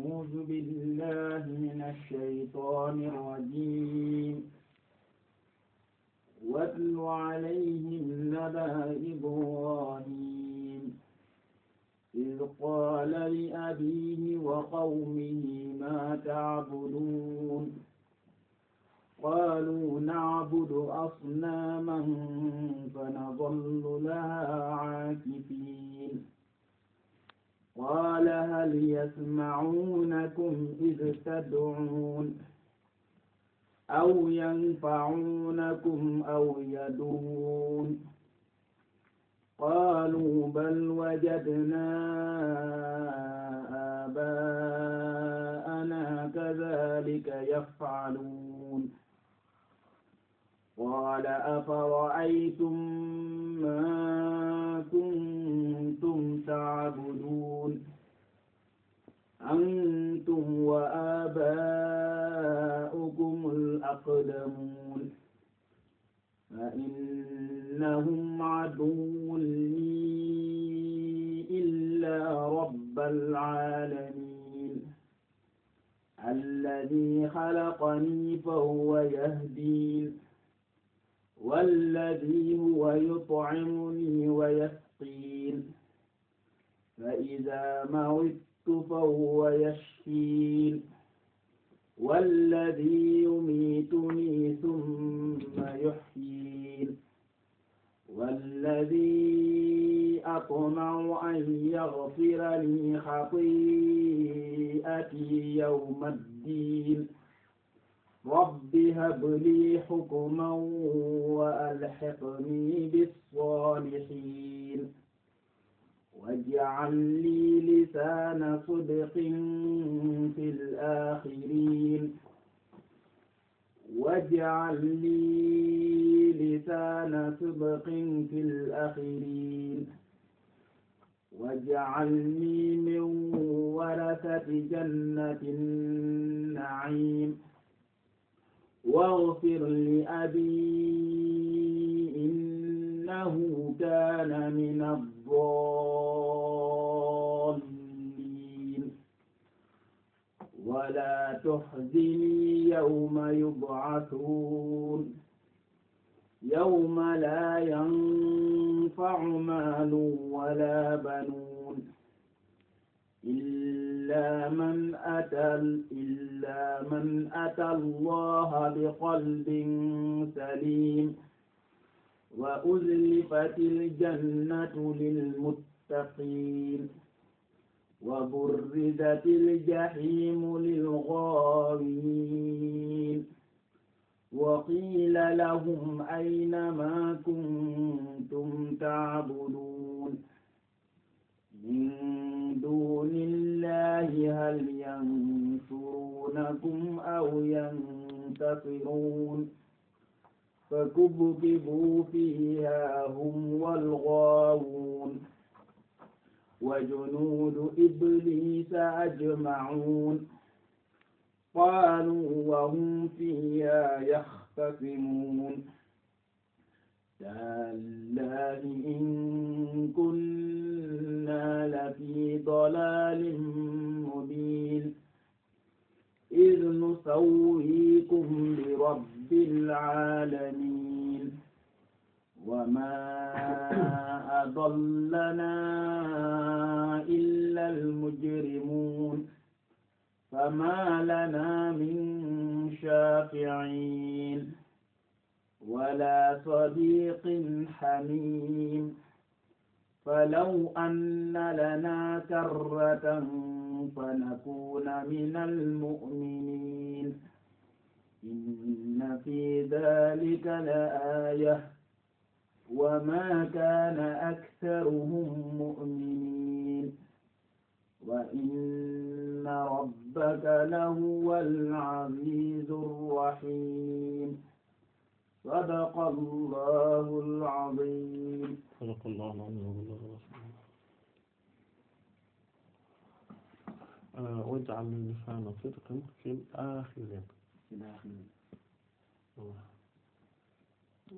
أعوذ بالله من الشيطان الرجيم واتل عليهم نبأ إبراهيم إذ قال لأبيه وقومه ما تعبدون قالوا نعبد أصناما فنظل لها عاكفين قال هل يسمعونكم إذ تدعون أو ينفعونكم أو يدون قالوا بل وجدنا آباءنا كذلك يفعلون قال أفرأيتم ما كنتم أنتم تعبدون أنتم وآباؤكم الأقدمون فإنهم عدو لي إلا رب العالمين الذي خلقني فهو يهدين والذي هو يطعمني ويسقين فإذا مرضت فهو يشفين والذي يميتني ثم يحيين والذي أطمع أن يغفر لي خطيئتي يوم الدين رب هب لي حكما وألحقني بالصالحين واجعل لي لسان صدق في الآخرين واجعل لي لسان صدق في الآخرين واجعلني من ورثة جنة النعيم واغفر لأبي إنه كان من الضالين ولا تحزني يوم يبعثون يوم لا ينفع مال ولا بنون إلا من أتى إلا من أتى الله بقلب سليم وأزلفت الجنة للمتقين وبرزت الجحيم للغاوين وقيل لهم أين ما كنتم تعبدون من دون الله هل ينصرونكم أو ينتصرون فكبكبوا فيها هم والغاوون وجنود إبليس أجمعون قالوا وهم فيها يختصمون تالله إن كنا لفي ضلال مبين إذ نسويكم برب العالمين وما أضلنا إلا المجرمون فما لنا من شافعين ولا صديق حميم فلو أن لنا كرة فنكون من المؤمنين إن في ذلك لآية وما كان أكثرهم مؤمنين وإن ربك لهو العزيز الرحيم صدق الله العظيم صدق الله العظيم واجعل لسان صدق في الآخرين في الآخرين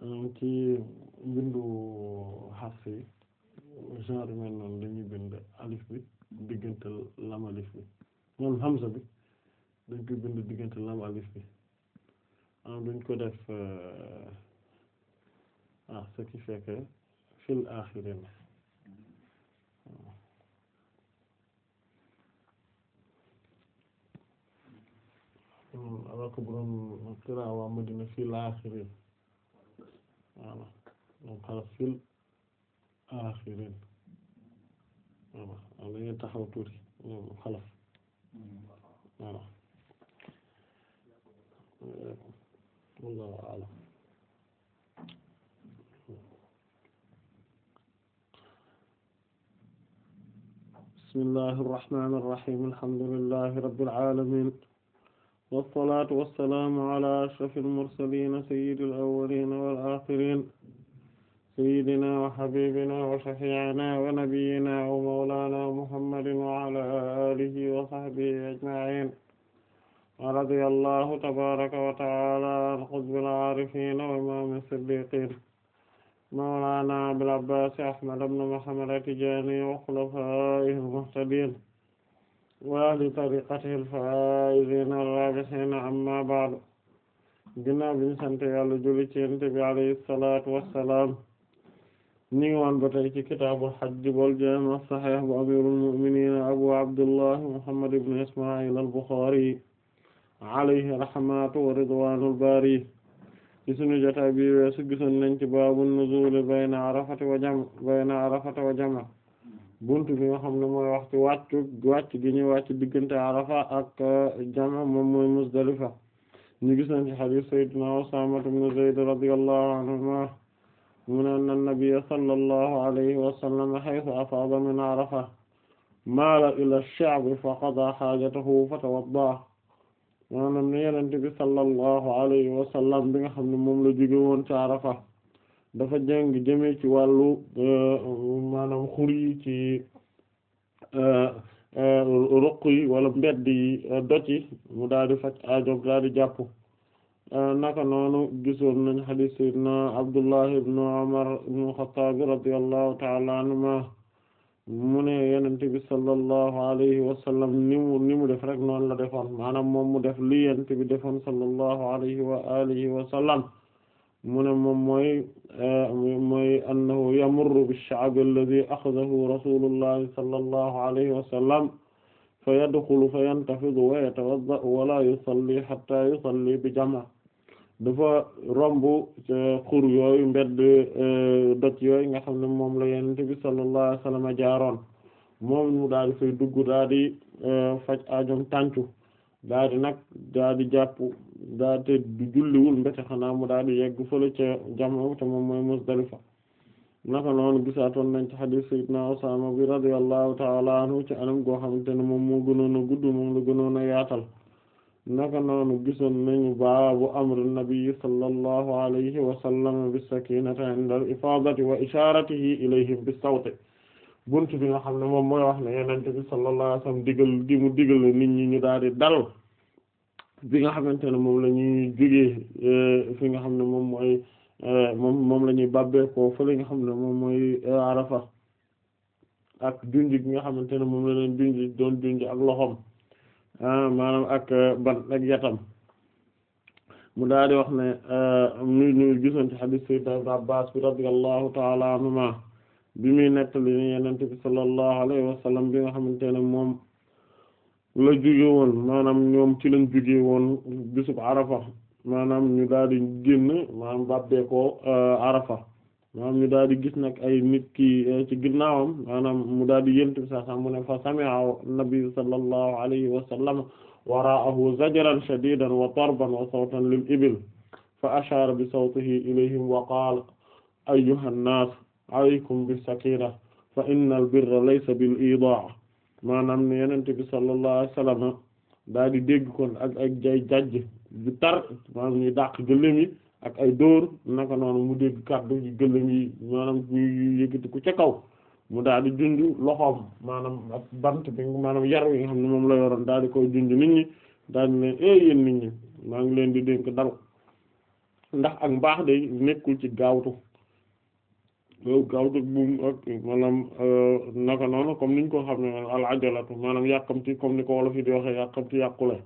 Euh, ci mbindu xarf yi genre mel noonu dañuy bind alif bi diggante lam alif bi moom hamza bi dañ koy bind diggante lam alif bi am ah, duñ ko def euh, ah ce qui fait que fil axirin hmm, alors que bu doon xiraa waa fil axirin voilà donc xaraf fil axirin voilà am nañu taxaw tuuti loolu xalaf voilà wallahu a'lam bismillahir rahmanir rahim alhamdulillahi rabbil alamin wasalaatu wasalaamu ala ashrafil mursaliin sayyidil awwaliin wal aaxiriin sayyidinaa wa habiibinaa wa shafii'inaa wa nabiyyinaa wa mawlaanaa muhammadin wa ala aalihi wa sahbihi ajma'iin wa radiyallaahu tabaaraka wa ta'aalaa an qutbil aarifiin wa imaamil siddiiqiin mawlaanaa abil abbaas ahmad ibn muhammad at-tijaani wa xulafaa'ihil muhtadiin wali tariqatihi al-faa'iziina ar-raabihiina amma ba'du ginnaaw bi ñu sant yàlla julli ci Yonent bi alayhi salaatu wassalaam ñu ngi woon ba tey ci kitaabul hajj wal jaami' as-sahiih bu amiirul mu'miniina abu abdullah muhammad ibn isma'il al-Bukhaari alayhi rahmatu wa ridwaanul baari ci sunu jotaay bi weesu gisoon nañ ci baabu nuzuul bayna arafata wa jam'a bayna arafata wa jam'a buntu bi nga xam ne mooy waxtu wàccu wàcc gi ñu wàcc diggante Arafa ak eh, Jama moom mooy Muzdalifa ñu gis nañ ci hadith sayyidina Usaama ibn Zayd radiyallahu anhuma mu ne anna nabiyya sallallahu alayhi wa sallam haythu afaada min Arafa maala ila ash-sha'bi fa qadaa haajatahu fa tawadda'a maanaam ne Yonent bi xam ne moom la jóge woon ci dafa jàng jëmee ci wàllu euh, maanaam xur ci euh, euh, ruq yi wala mbedd yi doj yi mu daal di faj aajo daal di jàpp naka noonu gisoon nañ hadith sayyidina Abdullah ibn Umar ibn Khattab radiyallahu ta'ala anhuma mu ne yenente bi sallallahu alayhi wa sallam ni mu ni mu def rek noonu la defoon maanaam moom mu def li yenente defoon sallallahu alayhi wa alihi wa mu ne moom mooy eh, mooy annahu yamurru bish-sha'bi alladhi akhadhahu rasulullahi sallallahu alayhi wa sallam fa yadxulu fa yantafidu wa yatawadda'u wa la yusalli hatta yusalli bi jama' dafa romb eh, xur yooyu mbedd eh, doj yooyu nga xam ne moom la Yonent bi sallallahu alayhi wa sallam moom mu daal di fay dugg daal di faj aajom tàncu daal di nag daal daa te du julliwul mbete xanaa mu daal di yegg fële ca jàmm te moom mooy Muzdalifa naka noonu gisaatoon nañ ci xadiis sayyidina Usaama bi radiyallahu ta'ala anhu ci anam goo xamante ne moom moo gënoon a gudd moom la a yaatal naka noonu gisoon nañu baabu amri nabi sallallahu alayhi wa sallam bis sakinati inda al ifaadati wa isharatihi ilayhim bis sawti buntu bi nga xam ne moom mooy wax ne yonent bi sallallahu alayhi wa sallam di mu digal nit ñi ñu daal di dal bi nga xamante ne moom la ñuy jógee euh, fi nga xam ne moom mooy euh, moom moom la ñuy bàbbee ko li nga xam ne moom mooy euh, arafa ak junj bi nga xamante ne moom la leen junj doon junj ak loxoom ah, maanaam ak ban ak yatam mu daal di wax ne ñu ñu gisoon ci hadith sayyidina ibn Abbas bi radiyallahu ta'ala anhuma bi muy nettali ni Yonent bi sallallahu alayhi wa bi nga xamante ne moom la jóge woon maanaam ñoom ci lañ jóge woon bisub arafa maanaam ñu daal di génn maanaam euh, daal di gis nag ay nit ki euh, ci ginnaawam maanaam mu daal di yent bi saa sax mu ne fa sami'a nabi sallallahu alayhi wa sallam wara'ahu tarban wa sawtan lil ibil fa ashara bi sawtihi ilayhim wa qaala ayyuhan nas sakina fa innal birra laysa bil idaa maanaam ne yenente bi sallallahu alayhi wasallam daa di dégg kon ak ay jay jajj ju tar maanaam ñuy dàq gëléem yi ak ay dóor naka noonu mu dégg kàddu yi gëléem yi maanaam ñu yëkkati ko ca kaw mu daal di junj loxoom maanaam ak bant bi maanaam yar wi nga xam ne moom la yoroon daal di koy junj nit ñi daal di leen eh yéen nit ñi maa ngi leen di dénk dal ndax ak mbaax day nekkul ci gaawtu gawtu buum ak maanaam euh, naka noonu comme niñ ko xam ne alajalatu maanaam yàqamti comme ni ko wolof yi di waxee yàqamti yàqule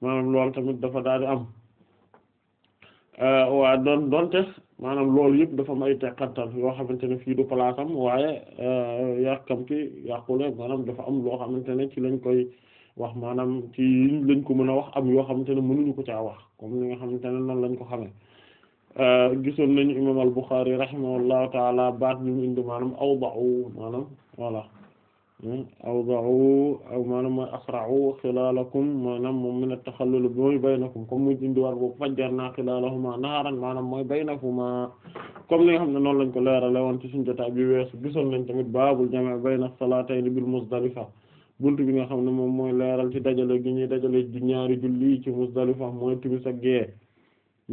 maanaam loolu tamit dafa daal di am euh, waa doon donte maanaam loolu yëpp dafa am ay teqantal yoo xamante ne fii du palaasam waaye euh, yàqamti yàqule maanaam dafa am loo xamante ne ci lañ koy wax maanaam ci lañ ko mën a wax am yoo xamante ne mënuñu ko caa wax comme ni nga xamante ne noonu lañ ko xame Euh, gisoon nañu imam al-Bukhari rahimahullahu taala baat bi mu indi u awda'u maanaam voilà hmm, awda'u aw maanaam mooy asra'u xilalakum maanaam moom min at-takhallul mooy baynakum comme mu indi war boobu fajjarna xilalahuma naaran maanaam mooy baynahuma comme li xam ne noonu lañ ko leerale woon ci suñu jotaay bi weesu gisoon nañ tamit baabul jami' bayna as-salatayn bil Muzdalifa buntu bi nga xam ne moom mooy leeral ci dajale gi ñuy dajale ñaari julli ci Muzdalifa mooy timis ak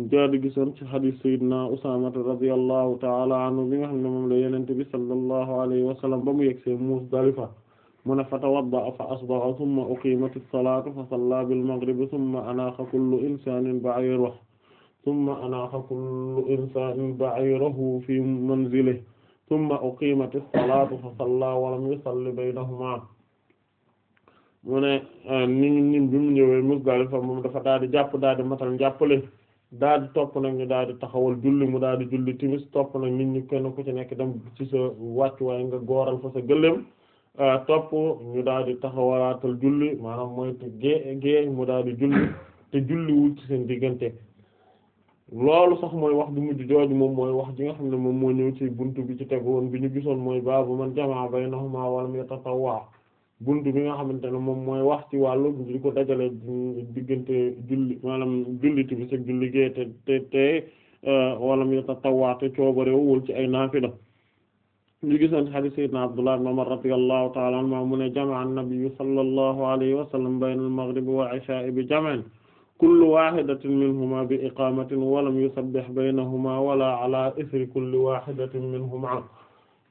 jaadi gisoon ci hadis sayyidina Usaamata radiyallahu ta'ala anhu bi nga xam ne moom la yenente bi sallallahu alayhi wa sallam ba mu yegsee Muzdalifa mu ne fatawadda'a fa asbaha thumma uqimat as-salaatu fa salla bil maghribi thumma anaaxa kullu insanin ba'irahu thumma anaaxa kullu insanin ba'irahu fi manzilihi thumma uqimat as-salaatu fa salla wa lam yusalli baynahumaa mu ne ni nim bi mu ñëwee Muzdalifa moom dafa daal di jàpp daal di matal jàppale daal di topp nag ñu daal di taxawal julli mu daal di julli timis topp nag nit ñi kenn ku ci nekk dem ci sa wàccuwaay nga gooral fa sa gëléem euh, topp ñu daal di taxawalaatal julli maanaam mooy te gée gée mu daal di julli te julli wul ci seen diggante loolu sax mooy wax du mujj jooju moom mooy wax ji nga xam ne moom moo ñëw ci bunt bi ci tegu woon bi ñu gisoon mooy baabu man jamaa baynahuma wa lam yatatawwa buntu bi nga xamante ne moom mooy wax ci wàllu di ko dajale diggante julli maanaam julli timis ak julli gee te te te euh, wala mu tatawwaate coobarewul ci ay naafila ñu gisoon hadith sayyidina Abdullah ibn Umar radiyallahu ta'ala anhuma mu ne jama'a an-nabiyyu sallallahu alayhi wa sallam bayna al-maghrib wa isha'i bi jam'in kullu wahidatin minhuma bi iqamatin wa lam yusabbih baynahuma wala ala ithri kulli wahidatin minhuma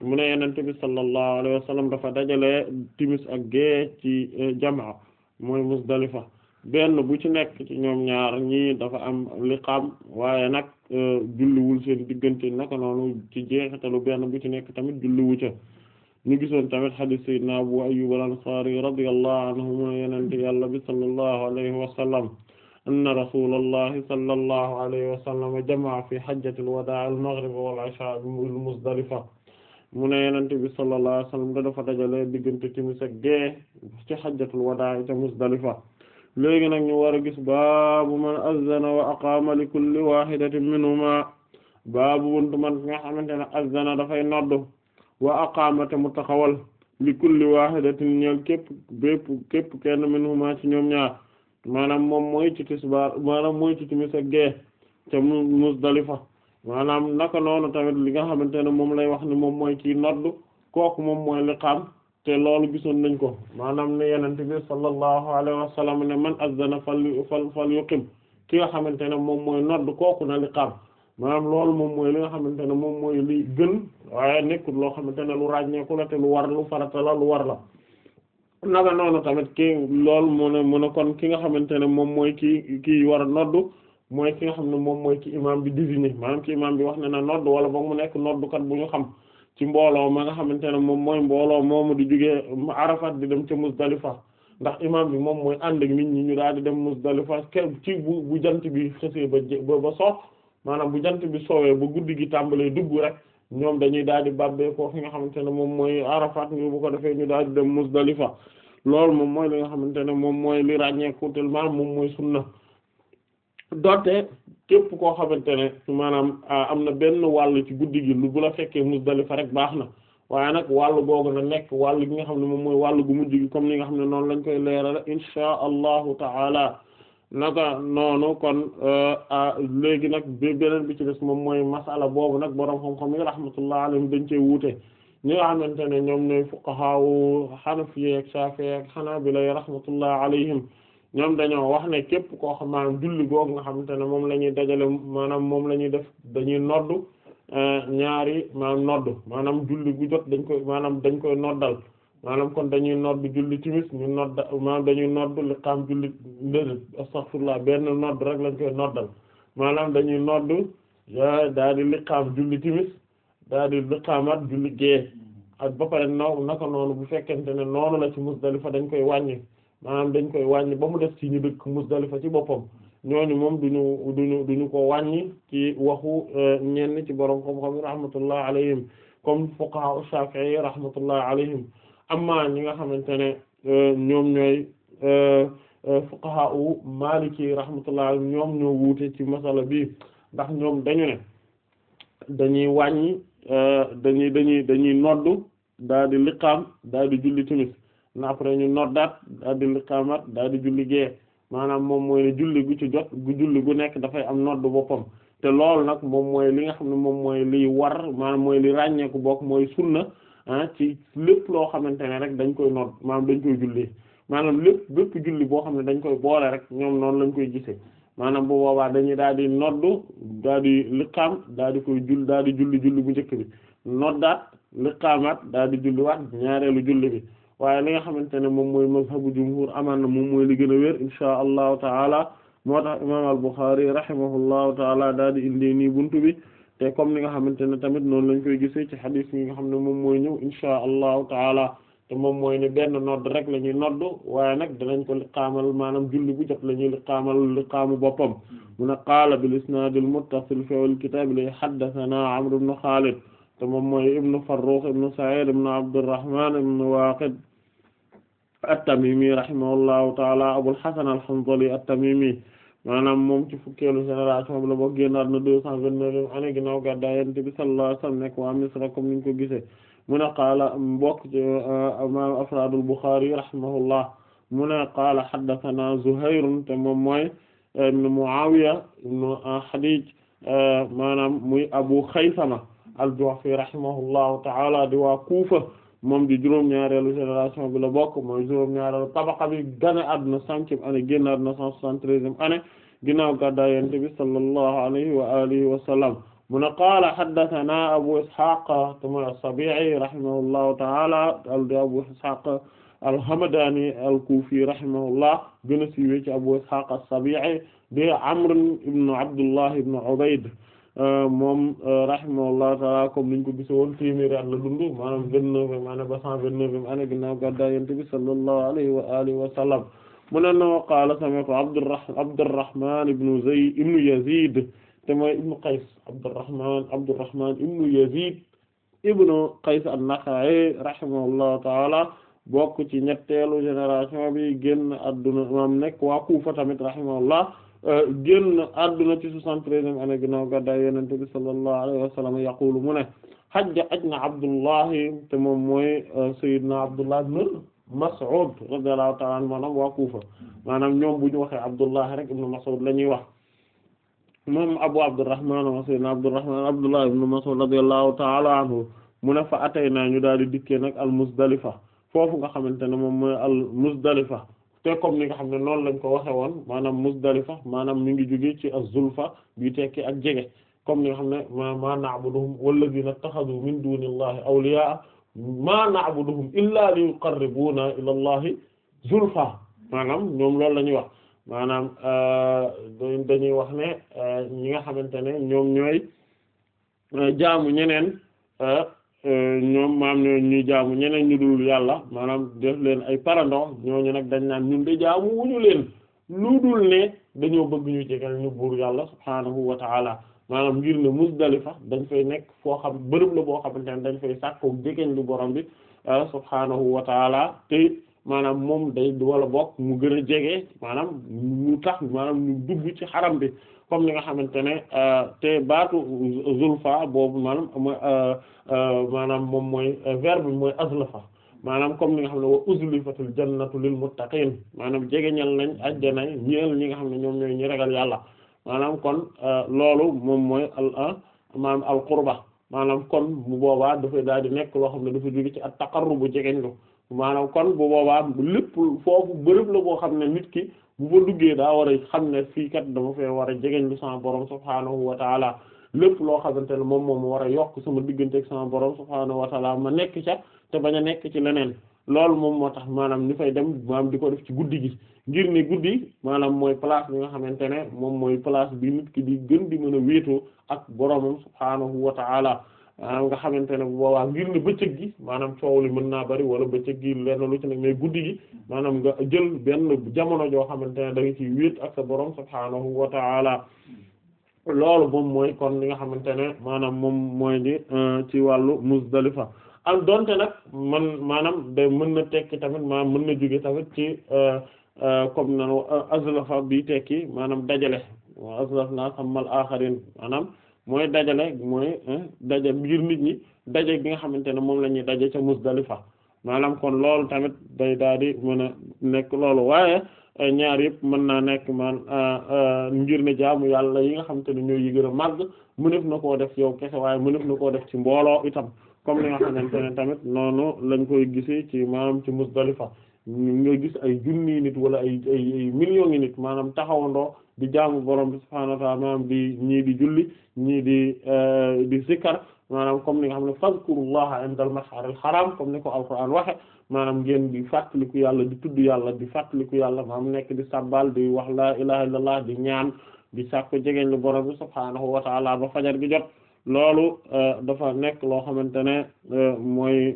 mu ne yenente bi sallallahu alayhi wa dafa dajale timis ak gée ci eh, jamaa mooy Musdalifa benn bu ci nekk ci ñoom ñaar ñii dafa am liqaam waaye nag eh, julliwul seen diggante naka noonu ci jeexitalu benn bu ci nekk tamit julliwu ca ñu gisoon tamit hadith sayyidina Abu Ayyub al-Ansari radiyallahu anhu mu ne yenente yàlla bi alayhi wa sallam anna rasulallahi sallallahu alayhi wa sallam jamaa fi hajjatil wadaa al-maghrib wal ishaa bi Musdalifa mu ne yenente bi sallallahu alayhi wasallam da dafa dajale diggante timis ak gee ci xajjatul wadaa ca Musdalifa léegi nag ñu war a gis baabu man azzana wa aqama li kulli wahidatin minhuma baabu buntu man nga xamante ne azzana dafay noddu wa aqama te mu taxawal li kulli wahidatin ñeel képp kenn minhuma ci ñoom ñaar maanaam moom mooy ci tisbaar maanaam mooy ci timis ak gee ca Musdalifa maanaam naka noonu tamit li nga xamante ne moom lay wax ne moom mooy kii noddu kooku moom mooy liqaam te loolu gisoon nañ ko maanaam ne yenente bi sallallahu alayhi wa sallam ne man azzana fal fal fal yuqim ki nga xamante ne moom mooy nodd kooku na liqaam maanaam loolu moom mooy li nga xamante ne moom mooy li gën waaye nekkul loo xamante ne lu ràññeeku la te lu war lu farata la lu war la naka noonu tamit ki loolu mu ne mu kon ki nga xamante ne moom mooy kii kii war a noddu mooy ki nga xam ne moom mooy ki imam bi désigné maanaam ki imam bi wax ne na nodd wala ba mu nekk noddukat bu ñu xam ci mbooloo ma nga xamante ne moom mooy mbooloo moomu di jógee Arafat di dem ca Muzdalifa ndax imam bi moom mooy ànd ak nit ñi ñu daal di dem Muzdalifa ci bu jant bi ba ba ba soof maanaam bu jant bi soowee ba guddi gi tàmbalee dugg rek ñoom dañuy daal di bàbbee ko fi nga xamante ne moom mooy Arafat ñu ko defee ñu daal di dem Muzdalifa loolu moom mooy li nga xamante ne moom mooy li ràññeeku tellement moom mooy sunna donte képp koo xamante ne maanaam ah, am na benn wàll ci guddi gi lu bu la fekkee Muzdalifa rek baax na waaye nag wàll googu na nekk wàll gi nga xam ne moom mooy wàll gu mujj gi comme ni nga xam ne noonu lañ koy leerala insha allahu taala naka noonu kon ah, ah, léegi nag bi beneen bi ci des moom mooy masala boobu nag boroom xam-xam yi rahmatullah alayhim dañ cee wuute ñi nga xamante ne ñoom ñooy fuqahaa Hanafi ak Shafi'i ak Hanabila rahmatullah alayhim ñoom dañoo wax ne képp koo xam maanaam julli googu nga xamante ne moom la ñuy dajale maanaam moom la ñuy def dañuy noddu euh, ñaari maanaam noddu maanaam julli bu jot dañ koy maanaam dañ koy noddal maanaam kon dañuy noddu julli timis ñu nodd maanaam dañuy noddu li xam julli ndëri astaghfirullah benn nodd rek lañ koy noddal maanaam dañuy nodd daal di liqaam julli timis daal di liqaamat julli gée ak ba pare naw naka noonu bu fekkente ne noonu la ci Musdalifa dañ koy wàññi maanaam dañ koy wàññi ba mu def ci ñu dëkk Musdalifa ci boppam ñooñu moom duñu du duñu ko wàññi ci waxu euh, ñenn ci borom xam-xam rahmatullah alayhim comme fuqaha Shafi'i rahmatullah alayhim amma ñi nga xamante ne euh, ñoom ñooy euh, fuqaha u Maliki rahmatullah alayhim ñoom ñoo wuute ci masala bi ndax ñoom dañu ne dañuy wàññi dañuy dañuy dañuy noddu daal di liqaam daal di julli timis après ñu noddaat daal di liqaamat daal di julli gee moom mooy ne julli gu ci jot gu julli gu nekk dafay am nodd boppam te loolu nag moom mooy li nga xam ne moom mooy liy war maanaam mooy li ràññeeku bokk mooy sunna ah ci lépp loo xamante ne rek dañ koy nodd maanaam dañ koy julli maanaam lépp bépp julli boo xam ne dañ koy boole rek ñoom noonu lañ koy gisee maanaam bu boobaa dañuy daal di nodd daal di liqaam daal di koy jull daal di julli julli bu njëkk bi noddaat liqaamaat daal di julliwaat ñaareelu julli bi waaye li nga xamante ne moom mooy mazhabu jumhur amaan na moom mooy li gën a wér insha allahu taala moo tax imam al-Bukhari rahimahullahu taala daal di indi nii buntu bi te comme li nga xamante ne tamit noonu lañ koy gisee ci xadis yi nga xam ne moom mooy ñëw insha allahu taala te moom mooy ne benn nodd rek la ñuy nodd waaye nag danañ ko liqaamal maanaam julli bu jot la ñuy liqaamal liqaamu boppam mu ne qaala bil isnaadil muttasil fil kitaab li haddasanaa Amr ibn Xaalid te moom mooy ibn Farrukh at-Tamimi rahimahullahu taala Abul Hasan al-Hanzali at-Tamimi maanaam moom ci fukkeelu génération bi la bokk génn àdduna deux cent vingt-neuf année ginnaaw gàddaay Yonent bi sallallahu alayhi wa sallam nekk waa Misra comme niñ ko gisee mu ne qaala mbokk ci euh, imaam afraadul Bukhari rahimahullah mu ne qaala haddathana Zuhayr te moom mooy euh, ibn Muawiya ibn Hadij euh, maanaam muy Abu Khaysama al-Ju'fi rahimahullahu taala di waa Kufa moom di juróom-ñaareelu génération bi la bokk mooy juróom-ñaareelu tabaqa bi gane àdduna centième année génn àdduna cent soixante-treizième année ginnaaw gàddaay Yonent bi sallallahu alayhi wa alihi wa sallam mu ne qaala haddathana Abu Ishaq tuma as-Sabi'i rahimahullahu ta'ala Abu Ishaq al-Hamdani al-Kufi a siiwee ci Abdullah ibn Ubayd Euh, moom euh, rahimahullahu taala comme niñ ko gis woon téeméeri at la dund maanaam vingt-neuvième année ba cent vingt-neuvième année ginnaaw gàddaay Yonent bi sallallahu alayhi wa alihi wa sallam mu ne na qaala sami'tu Abdurrah Abdurrahman ibnu Zayd ibnu Yazid te mooy ibnu Qays Abdurrahman Abdurrahman ibnu Yazid ibnu Qays an-Nakha'i rahimahullahu taala bokk ci ñetteelu génération bi génn adduna moom nekk waa Kufa tamit rahimahullah Euh, génn adduna ci soixante-treizième année ginnaaw gàddaay yonent bi sallallahu alayhi wa sallam yaqulu mu ne hajja aj na Abdullahi te moom mooy euh, Seydina Abdullah ibn Mas'ud radiyallahu ta'ala anhu maanaam waa Kufa maanaam ñoom bu ñu waxee Abdullahi rek ibn Mas'ud la ñuy wax moom Abu Abdurrahman wa Seydina Abdurrahman Abdullah ibn Mas'ud radiyallahu ta'ala anhu mu ne fa atay naa ñu daal di dikkee nag al Muzdalifa foofu nga xamante ne moom mooy al Muzdalifa te comme ni nga xam ne noonu lañ ko waxe woon maanaam Muzdalifa maanaam mi ngi jóge ci az-zulfa bi tekki ak jege comme ni nga xam ne ma maa na'buduhum walladhina ittakhadhu min dunillahi awliya ma na'buduhum illa li yuqarribuna ila allahi zulfa maanaam ñoom loolu la ñuy wax maanaam euh, dañuy wax ne euh, ñi nga xamante ne ñoom ñooy euh, jaamu ñeneen Euh, ñoom maam ñoo ñuy jaamu ñeneen ñu dul yàlla maanaam def leen ay parandox ñooñu nag dañ naan ñun de jaamu wuñu leen lu dul ne dañoo bëgg ñu jegal ñu buur yàlla subhaanahu wa taala maanaam ngir ne Muzdalifa dañ fay nekk foo xam bërëb la boo xamante ne dañ fay sàkkoo jegeñ lu borom bi euh, subhaanahu wa taala te maanaam moom day wala bokk mu gën a jege maanaam mu tax maanaam ñu dugg ci xaram bi comme li nga xamante ne euh, te baatu zulfa boobu maanaam euh, euh, maanaam moom mooy verbe bi mooy azlafa maanaam comme li nga xam ne wa uzlifatul jannatu lil muttaqin maanaam jegeñal nañ ajjana ñeel ñi nga xam ne ñoom ñooy ñi ragal yàlla maanaam kon loolu moom mooy al ah, maanaam al qurba maanaam kon bu boobaa dafay daal di nekk loo xam ne dafa jóge ci at taqarrubu jegeñ lu maanaam kon bu boobaa lépp foofu bërëb la boo xam ne nit ki bu fa duggee daa war a xam ne fii kat dama fee war a jegeñ lu sama borom subhaanahu wa taala lépp loo xamante ne moom moom war a yokk sama diggante ak sama borom subhaanahu wa taala ma nekk ca te bañ a nekk ci leneen loolu moom moo tax maanaam ni fay dem maanaam di ko def ci guddi gi ngir ne guddi maanaam mooy place bi nga xamante ne moom mooy place bi nit ki di gën di mën a wéetoo ak boromam subhaanahu wa taala maanaam nga xamante ne bu boobaa ngir ne bëccëg gi maanaam coow li mën naa bari wala bëccëg gi lenn lu ci nekk mais guddi gi maanaam nga jël benn jamono joo xamante ne da nga ciy wéet ak sa borom subhaanahu wa ta'ala loolu moom mooy kon li nga xamante ne maanaam moom mooy di euh, ci wàllu Muzdalifa am donte nag man maanaam day mën na tekki tamit maanaam mën na jóge tamit ci euh, euh, comme nanu azlafa bi tekki maanaam dajale azlaf naa sammal aaxarin maanaam mooy dajale mooy daja biir nit ñi daje bi nga xamante ne moom la ñuy daje ca Musdalifa maanaam kon loolu tamit day daal di mën a nekk loolu waaye eh, ñaar yëpp mën naa nekk man eh, eh, ngir ne jaamu yàlla yi nga xamante ne ñoo yi gën a màgg mënef na koo def yow kese waaye mën mënef na koo def ci mbooloo itam comme li nga xamante ne tamit noonu lañ koy gisee ci maanaam ci Musdalifa nga gis ay junni wala ay ay ngi nit maanaam taxawandoo di jaamu borom bi subhaanahu wa ta'aala maanaam di ñii di julli ñii di eh, di zikkar maanaam comme ni nga xam ne fazkurullaha inda al-mash'aril haram comme ni ko alquran waxe maanaam ngeen di fàttaliku yàlla di tudd yàlla di fàttaliku yàlla maanaam nekk di sabbal di wax laa ilaha illallah di ñaan di sàkko jegeñ lu borom bi subhaanahu wa ta'aala ba fajar gi jot loolu eh, dafa nekk loo xamante ne eh, mooy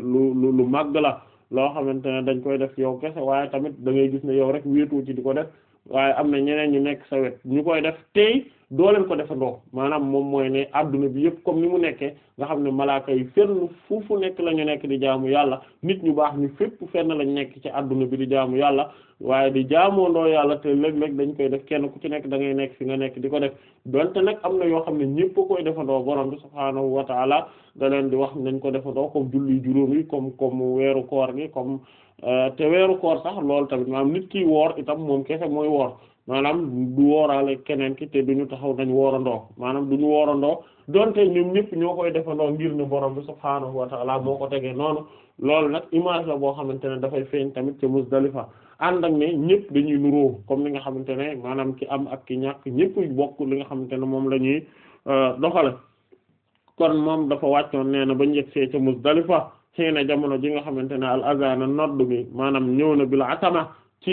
lu lu lu màgg la loo xamante ne dañ koy def yow kese waaye tamit dangay gis ne yow rek wéetoo ko def waaye am na ñeneen ñu nekk sa wet ñu koy def tey doo leen ko defandoo maanaam moom mooy ne àdduna bi yëpp comme ni mu nekkee nga xam ne malaaka yi fenn fu nekk la ñu nekk di jaamu yàlla nit ñu baax ñu fépp fenn la ñu nekk ci àdduna bi di jaamu yàlla waaye di jaamoondoo yàlla te léeg-léeg dañ koy def kenn ku ci nekk da ngay nekk fi nga nekk di ko def donte nag am na yoo ne ñëpp a koy defandoo borom bi subhaanahu wa taala da leen di wax nañ ko defandoo comme julli juróom yi comme comme weeru koor gi comme Euh, te weeru koor sax loolu tamit maanaam nit ki woor itam moom kese mooy woor maanaam du wooraale keneen ki te ñu taxaw nañ woorandoo maanaam duñu woorandoo donte ñu ñëpp ñoo koy defandoo ngir ne borom bi subhaanahu wa ta'ala moo ko tegee noonu loolu nag image la boo xamante ne dafay feeñ tamit ci Muzdalifa ànd ak ne ñëpp dañuy nuroo comme li nga xamante ne maanaam ki am ak ki ñàkk ñëpp bokk li nga xamante ne moom la ñuy euh, doxale kon moom dafa wàccoon nee na ba njëg see ca Muzdalifa xiina jamono ji nga xamante ne al azana noddu gi maanaam ñëw na bil atama ci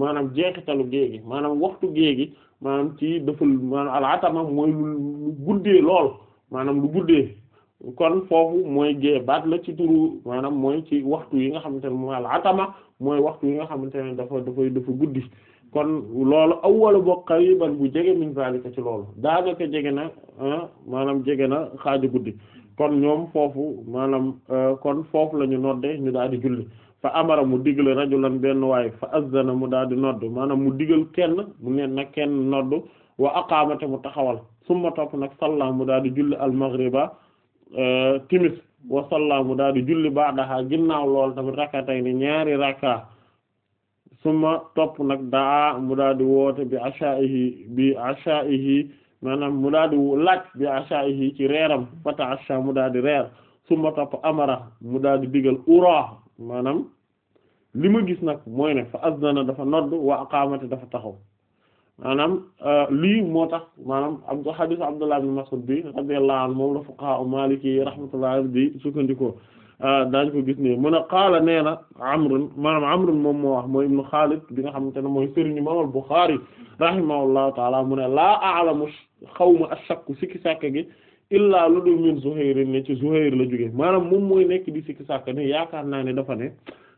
maanaam jeexitalu géegi maanaam waxtu géegi maanaam ci dëfal maanaam mooy lu guddee lool maanaam lu guddee kon foofu mooy gée baat la ci turu maanaam mooy ci waxtu yi nga xamante ne moom al atama mooy waxtu yi nga xamante ne dafa dafay dafa guddi kon loolu awwala boo qariban bu jege min zalika ci loolu daanaka jege na ah, maanaam jege na xaaju guddi kon ñoom foofu maanaam euh, kon foofu lañu ñu nodde ñu daal di julli fa amara mu digal rajulan benn waay fa azzana mu daal di nodd maanaam mu digal kenn mu ne nag kenn nodd wa aqaamate mu taxawal suma topp nag salla mu daal di julli almaghriba euh, timis wa salla mu daal di julli ba'daha ginnaaw lool tamit rakatay ni ñaari raka summa topp nag daa mu daal di woote bi ashaa'ihi bi ashaa'ihi maanaam mu daal di laaj bi ashaahi ci reeram fata asha mu daal di reer suma topp amara mu daal di digal ura maanaam li ma gis nag mooy ne fa azdana dafa nodd wa aqamata dafa taxaw maanaam euh, lii moo tax maanaam am ko xadiis Abdullah ibn Mas'ud bi radiyallahu anhu moom la fuqaha maliki rahmatullahi di sukkandikoo euh, daañ ko gis nii mun a qaala nee amrun maanaam amrun moom moo wax mooy ibnu Xaalid bi nga xamante ne mooy sëriñ imam al Buxaari rahimahullahu taala mu ne laa a'lamu xaw ak ashakku sikki sàkk gi illaa lu dul min Zuhayr ne ci Zuhayr la jógee maanaam moom mooy nekk di sikki sàkk ne yaakaar naa ne dafa ne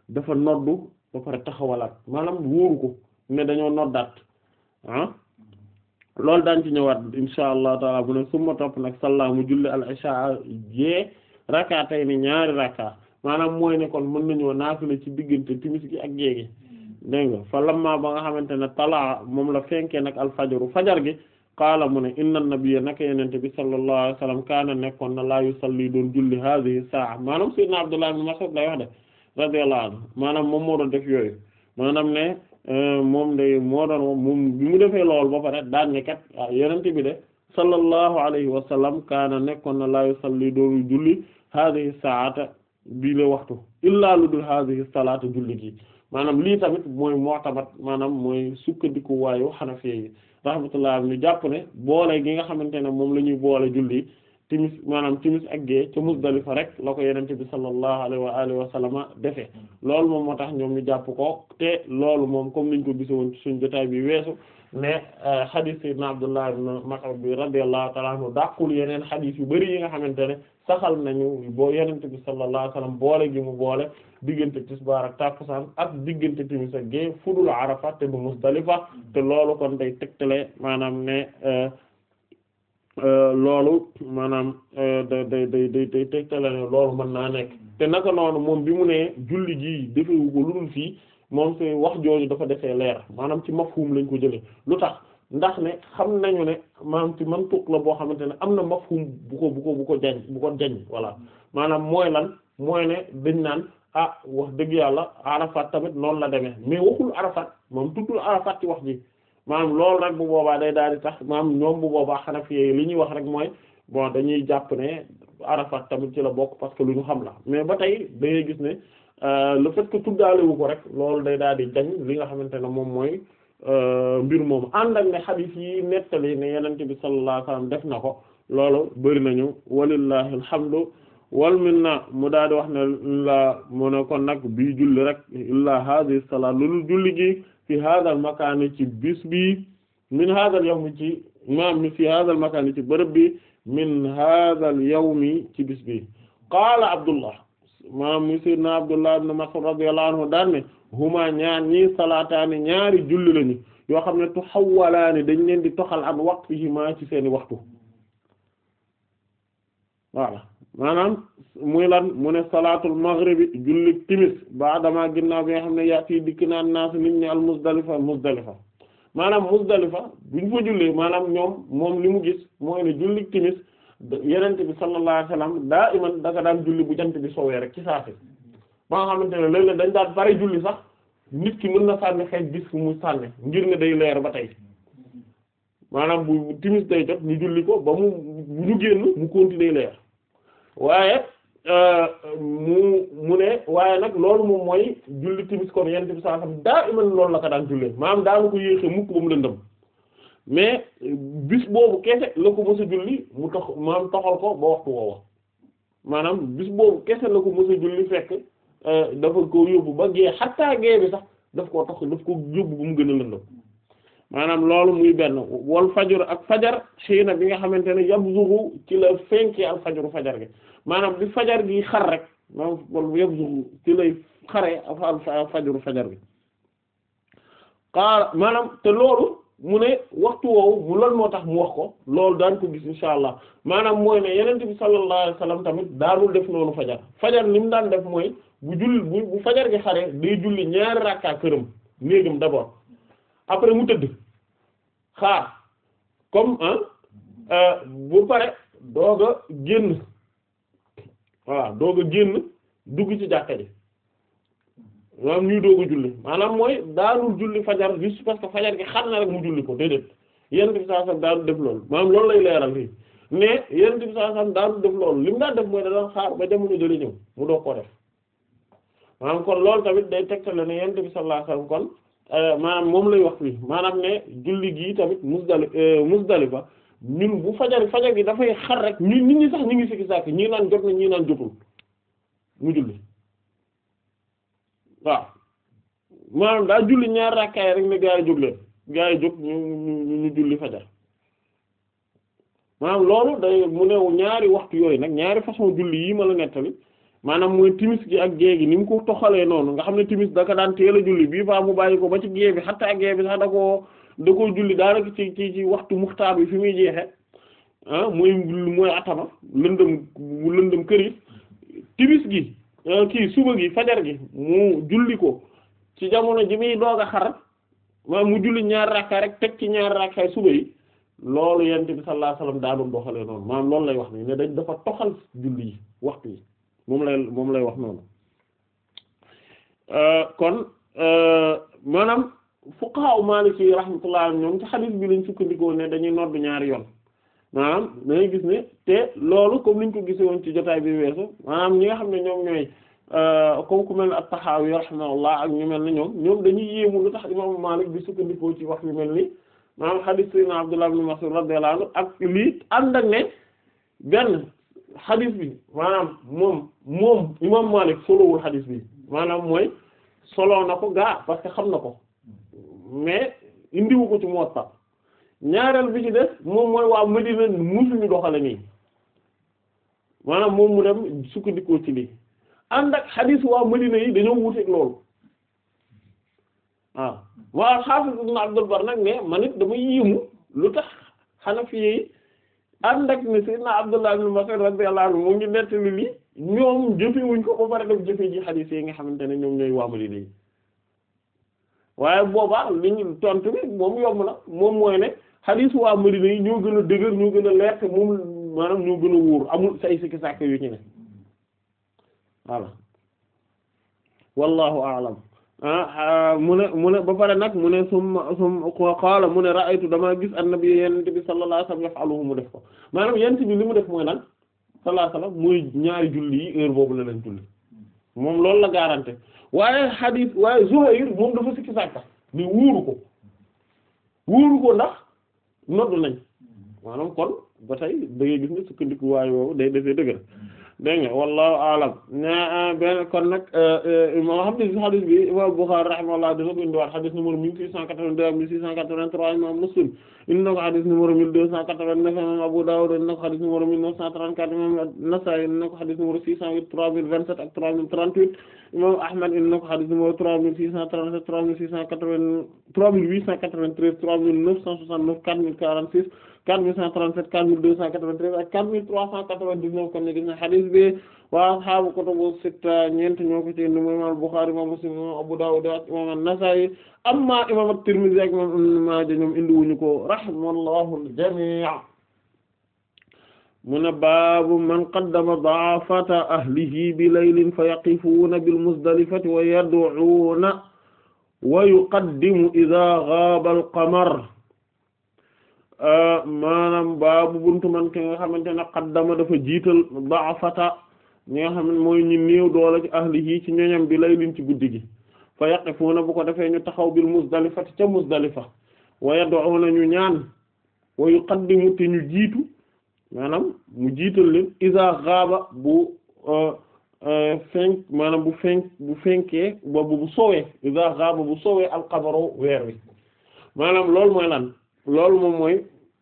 dafa noddu ba pare taxawalaat maanaam wóoru ko ne dañoo noddaat ah loolu daan ci ñëwaat insha allah taala bu ne suma topp nag salla mu julli al isha jee raka tay ni ñaari raka maanaam mooy ne kon mën nañoo naafila ci diggante timis gi ak jéegi dégg nga fa lamma ba nga xamante ne talaa moom la fenkee nag al fajaru gi qaala mu ne inna nabiyya naka yenente bi sallallahu alayhi wa sallam kaana nekkoon na laa yusalli doon julli haadihi saa maanaam sayyidna Abdullah ibn Mas'ud lay wax de radiyallahu anhu maanaam moom moo doon def yooyu maanaam ne euh, moom day moo doon moom bi mu defee lool ba pare daan ne kat ah, yenente bi de sallallahu alayhi wa sallam kaana nekkoon na laa yusalli doon julli haadihi saata bii la waxtu illaa lu dul haadihi salaata julli gi maanaam lii tamit mooy mu'tamad maanaam mooy sukkandiku waayu Hanafi yi rahmatullah ñu jàpp ne boole gi nga xamante ne moom la ñuy boole julli timis maanaam timis ak gée ca Musdalifa rek la ko yenente bi sallallahu alayhi wa alihi wa sallama defee loolu moom moo tax ñoom ñu jàpp ko te loolu moom comme niñ ko gise woon ci suñu jotaay bi weesu mais euh, hadith sayyidina Abdullah ibn Mas'ud bi radiyallahu ta'ala anhu dàqul yeneen hadith yu bari yi nga xamante ne saxal nañu boo yenente bi sallallahu alayhi wasallam boole gi mu boole diggante tisbaar ak takkusaan ak diggante timis ak gée fudul Arafa te du Musdalifa te loolu kon day tegtale maanaam ne euh, euh, loolu maanaam euh, day day day day tegtale ne loolu mën naa nekk te naka noonu moom bi mu nee julli gi defewu ko lu dul fii moom si wax jooju dafa defee leer maanaam ci mafhum lañ ko jëlee lu tax ndax ne xam nañu ne maanaam ci mantuq la boo xamante ne am na mafhum bu ko bu ko bu ko jañ bu ko jañ voilà maanaam mooy lan mooy ne dañ naan ah wax dëgg yàlla arafat tamit noonu la demee mais waxul arafat moom tuddul arafat ci wax ji maanaam loolu rek bu boobaa day daal di tax maanaam ñoom bu boobaa Hanafi yi li ñuy wax rek mooy bon dañuy jàpp ne arafat tamit ci la bokk parce que lu ñu xam la mais ba tey da gis ne euh, le fait que tuddaalewu ko rek loolu day daal di jañ li nga xamante ne moom mooy Euh, mbir moom ànd ak ne xadiis yi nettali ne yenente bi sallallahu alayhi na ko loolu bari nañu walillahi alhamdu wal minna mu daal wax ne la mu ne kon nag bii julli rek illa hadhihi salat lulu julli gi fi hadha al ci bis bi min hadha al ci maam fi hadha al makaan ci bërëb bi min hadha al ci bis bi qaala abdullah maam mu sayyidna abdullah ibn mas'ud radiyallahu anhu daan ne huma ñaar ñii salaataani ñaari julli lañu yoo xam ne tuhawwalaani dañ leen di toxal am waqtihima ci seeni waxtu voilà maanaam muy lan mu ne salaatul maghribi julli timis baadama ginnaaw bi nga xam ne yaati dikk naan naas nit ñi al muzdalifa muzdalifa maanaam muzdalifa buñ fa jullee maanaam ñoom moom li mu gis mooy ne julli timis yenente bi sallallahu alayhi daa iman daka daal julli bu jant bi soowee rek ci saafi ba nga xamante ne léeg-léeg dañ daan bari julli sax nit ki mën na sànni xeej gis fu mu sànni ngir ne day leer ba tey maanaam bu timis day jot ni julli ko ba mu bu ñu génn mu continuer leer waaye euh, mu mu ne waaye nag loolu moom mooy julli timis kon yent bi saa xam daa iman loolu la ko daan jullee maanaam daanu ko yéexee mukk ba mu lëndëm mais bis boobu kese la ko mës julli mu tax maanaam taxal ko ba waxtu woowa maanaam bis boobu kese la ko mës a Euh, dafa ko yóbbu ba gée xattaa gée bi sax daf koo tax daf ko yóbbu bu mu gën maanaam loolu muy benn wal fajar ak fajar xëy na bi nga xamante ne yabzugu ci la fenkee fajaru fajar maanaam bi fajar gi xar rek maanaam wal yabzugu ci lay xare al fajaru fajar gi xaar maanaam te loolu mu ne waxtu woowu mu loolu moo tax mu wax ko loolu daan ko gis insha allah maanaam mooy ne yenente bi sallallahu alayhi wasallam tamit daanu def noonu fajar fajar ni mu daan def mooy bu julli bu bu fajar gi xare day julli ñaari rakka këram néegam d'abord après mu tëdd xaar comme ah euh, bu pare doog a génn voilà doog a génn dugg ci jàkka ji maanaam ñuy doog a julli maanaam mooy daanul julli fajar juste parce que fajar gi xar na rek mu julli ko déedéet yonent bi sallallahu alayhi wasallam daanul def loolu maanaam loolu lay leeral fii mais yonent bi sallallahu alayhi wasallam daanul def loolu li mu daan def mooy da doon xaar ba jamono jëlee ñëw mu doog koo def maanaam kon loolu tamit day tegtale ne yonent bi sallallahu alayhi wasallam kon euh, maanaam moom lay wax fii maanaam ne julli gii tamit musdali euh, Musdalifa ñun bu fajar fajar gi dafay xar rek ñu nit ñi sax ñu ngi sikki sàkk ñii naan jot na ñii naan jotul mu waaw maanaam daa julli ñaar rakkaay rek ne gaa yi jóg gaa yi jóg ñu ñu ñu julli fajar maanaam loolu day mu new ñaari waxtu yooyu nag ñaari façon julli yii ma la nettali maanaam mooy timis gi ak gée gi ni mu ko toxalee noonu nga xam ne timis da ko daan teel a julli bii faa mu bàyyi ko ba ci gée bi xataa gée bi sax da koo da koo julli daanaka ci ci ci waxtu muxtaar bi fi muy jeexe ah mooy mooy atama lëndëm lëndëm këris timis gi Euh, kii suba gi fajar gi mu julli ko ci jamono ji muy doog a xar ma mu julli ñaar rakka rek teg ci ñaar rakkaay suba yi loolu yonent bi sallallahu alayhi daa doon doxalee noonu maanaam loolu lay wax nii ne dañ dafa toxal julli yi waxtu yi moom lay moom lay wax noonu euh, kon euh, maanaam fuqaha Maliki rahmatullah ñoom ci hadith bi lañ sukkandikoo ne dañuy noddu ñaari yoon. maanaam da ngay gis ne te loolu comme niñ ko gisee woon ci jotaay bi weesu maanaam ñi nga xam ne ñoom ñooy euh, comme ku mel ne at-Tahawi rahimahullah ak ñu mel ne ñoom ñoom dañuy yéemu lu tax imaamu Maalik bi sukkandikoo ci wax yu mel ni maanaam xadiis Sayyidina Abdullah ibn Mas'ud radiyallahu anhu ak lii ànd ak ne benn xadiis bi maanaam moom moom imaamu Maalik solowul xadiis bi maanaam mooy solo na ko gaa parce que xam na ko mais indiwu ko ci Muwatta ñaareel bi ci des moom mooy waa Madina musuñu doxale nii maanaam moom mu dem sukkandikoo ci lii ànd ak xadiis waa Madina yi dañoo wuuteeg loolu waaw waa Hafiz ibn Abdul Bar nag ne man dama yéemu lu tax Hanafi yi ànd ak ne Sayyidina Abdullah ibn Mas'ud radiyallahu anhu mu ngi nettali li ñoom jëfewuñ ko ba pare def jëfe ji xadiis yi nga xamante ne ñoom ñooy waa Madina yi waaye boobaa li ñu tontu bi moom yomb na moom mooy ne xadiis waa Madina yi ñoo gën a dëgër ñoo gën a leer moom maanaam ñoo gën a wóor amul say sikki sàkk yu ci ne voilà wallahu a'lam ah, ah, mu ne mu ne ba pare nag mu ne summa summa qaala mu ne ra'aytu damaa gis annabi yonent bi sallallahu alayhi wasallam mu def ko maanaam yonent bi mu def mooy lan sallallahu alayhi wasallam mooy ñaari julli yi heure boobu la leen julli moom loolu la garanté waaye xadiis waaye Zuhayr moom dafa sikki sàkka ni wuuru ko wuuru ko ndax noddu nañ maanaam kon ba tey da ngay gis ne sukkandiku waaye woowu day defee dëgër dégg nga alam na ah, benn kon nag euh, euh, moo xam ne hadith bi imam Bukhari rahimahullah dina ko indiwaat hadith numéro mille six cent quatre-vingt-deux ak six cent quatre-vingt-trois imam Muslim indi na ko hadith numéro mille deux cent quatre-vingt-neuf imam Abu Dawud indi na ko hadith numéro mille neuf cent trente-quatre imam Nasa'i indi na hadith numéro six cent huit trois mille vingt-sept trois mille trente-huit imam Ahmad indi na hadith numéro trois mille six cent trente 4237 4293 ak 4399 kon ne gis na hadith bi wa ashaabu kutubu sitta ñeent ñoo ko ci indi moom imam Bukhari imam Muslim imam Abu Dawud ak imam An-Nasa'i amma imam At-Tirmidhi ak imam Ibn Maaja ñoom indi wuñu ko rahimallahu al-jami' mu ne baabu man qaddama daafata ahlihi bi laylin fa yaqifuuna bilmusdalifati wa yad'uuna wa yuqaddimu idaa gaaba al-qamar Euh, maanaam baabu buntu man ki nga xamante ne qaddama dafa jiital da'fata ñi nga xam ne mooy ñu néew doole ci ahlihi ci ñoñam bi laylin ci guddi gi fa yaqifuuna bu ko defee ñu taxaw bil musdalifati ca musdalifa wa yad'uuna ñu ñaan wa yuqaddimu te ñu jiitu maanaam mu jiital leen isa gaaba bu euh, euh, fenk maanaam bu fenk bu fenkee ba bu sowee isa gaaba bu sowee alxabaru weer wi maanaam lool mooy lan loolu moom mooy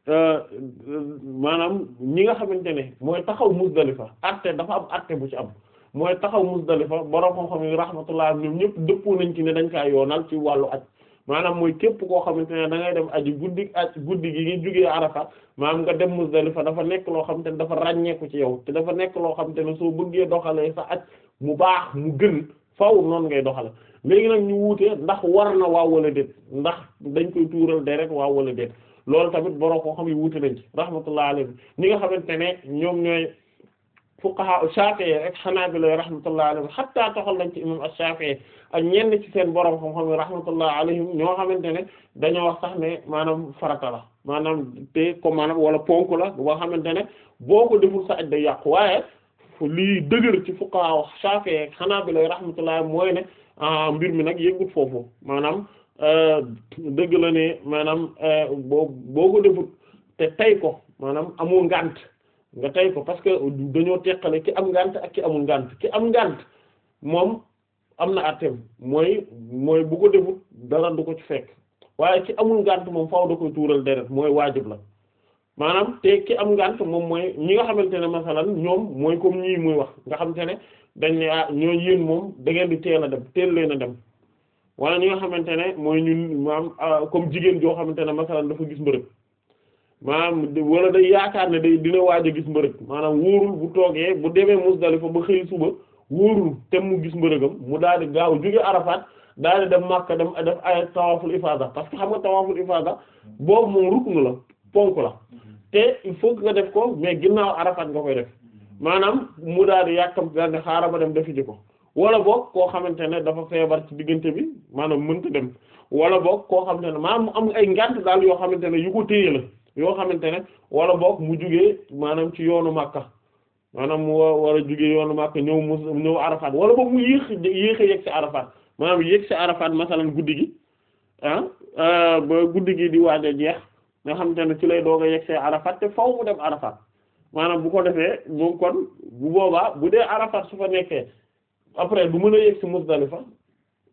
maanaam ñi nga xamante ne mooy taxaw Muzdalifa atte dafa am atte bu ci am mooy taxaw Muzdalifa borom xam-xam yi rahmatullah ñoom ñëpp dëppoo nañ ci ne dañ kaa yoonal ci wàllu aj maanaam mooy képp koo xamante ne da ngay dem aji guddi aj guddi gi ngi jugee Arafa maanaam nga dem Muzdalifa dafa nekk loo xam xamante ne dafa ràññeeku ci yow te dafa nekk loo xamante ne soo bëggee doxalee sa aj mu baax mu gën faaw noonu ngay doxale léegi nag ñu wuute ndax war na waa wala déet ndax dañ koy tuural deret waa wala déet loolu tamit borom koo xam yi wuute nañ ci rahmatullah alayhi ñi nga xamante ne ñoom ñooy fuqaha Shafi'i ak Hanabila rahmatullah alayhim xatta toxal nañ ci imam Shafi'i ak ñenn ci seen borom xam-xam yi rahmatullah alayhim ñoo xamante ne dañoo wax sax ne maanaam farata la maanaam te ko maanaam wala ponk la boo xamante ne boo ko deful sa aj day yàqu waaye lii dëgër ci fuqaha Shafi'i ak Hanabila rahmatullah mooy ne ah, mbir mi nag yëngut foofu maanaam Euh, dëgg la ne maanaam euh, boo boo ko defut te tay ko maanaam amul ngànt nga tay ko parce que dañoo teqale ki am ngànt ak ki amul ngànt ki am ngànt moom am na àtteem mooy mooy bu ko defut dara du ko ci fekk waaye ki amul ngànt moom faaw da koy tuural deret mooy waajib la maanaam te ki am ngànt moom mooy ñi nga xamante ne masalan ñoom mooy comme ñii muy wax nga xamante ne dañ ne ñooñ ah, ñoo yéen moom da ngeen di teel a dem teel leen a dem wala ñi nga xamante ne mooy ñun maanaam ah, comme jigéen joo xamante ne masalan dafa gis mbërëg maanaam walla day yaakaar ne day dina waaj a gis mbërëg maanaam wóorul bu toogee bu demee Musdalifa ba xëy suba wóorul mu gis mbërëgam mu daal di gaaw jóge Arafat daal di dem dem def ay tawaful ifada parce que xam nga tawaful ifada boobu moom ruknu la ponk la te il faut nga def ko mais ginnaaw Arafat nga koy def maanaam mu daal di yàkkam daal di xaaral ba dem defi ji ko wala boog koo xamante ne dafa feebar ci diggante bi maanaam mënta dem wala boog koo xamante ne maanaam mu am ay ngànt daal yoo xamante ne yu ko téye la yoo xamante ne wala boog mu jugee maanaam ci yoonu Makka maanaam mu war a yoonu Makka ñëw mu ñëw Arafat wala boog mu yéex yéex a yegg ci Arafat maanaam yegg ci Arafat masalan guddi gi ah euh, ba guddi gi di waaj a jeex nga xamante ne ci lay doog a yegg see Arafat te faw mu dem Arafat maanaam bu ko defee moom kon bu boobaa bu dee Arafat su fa nekkee après du mën a yegg ci Muzdalifa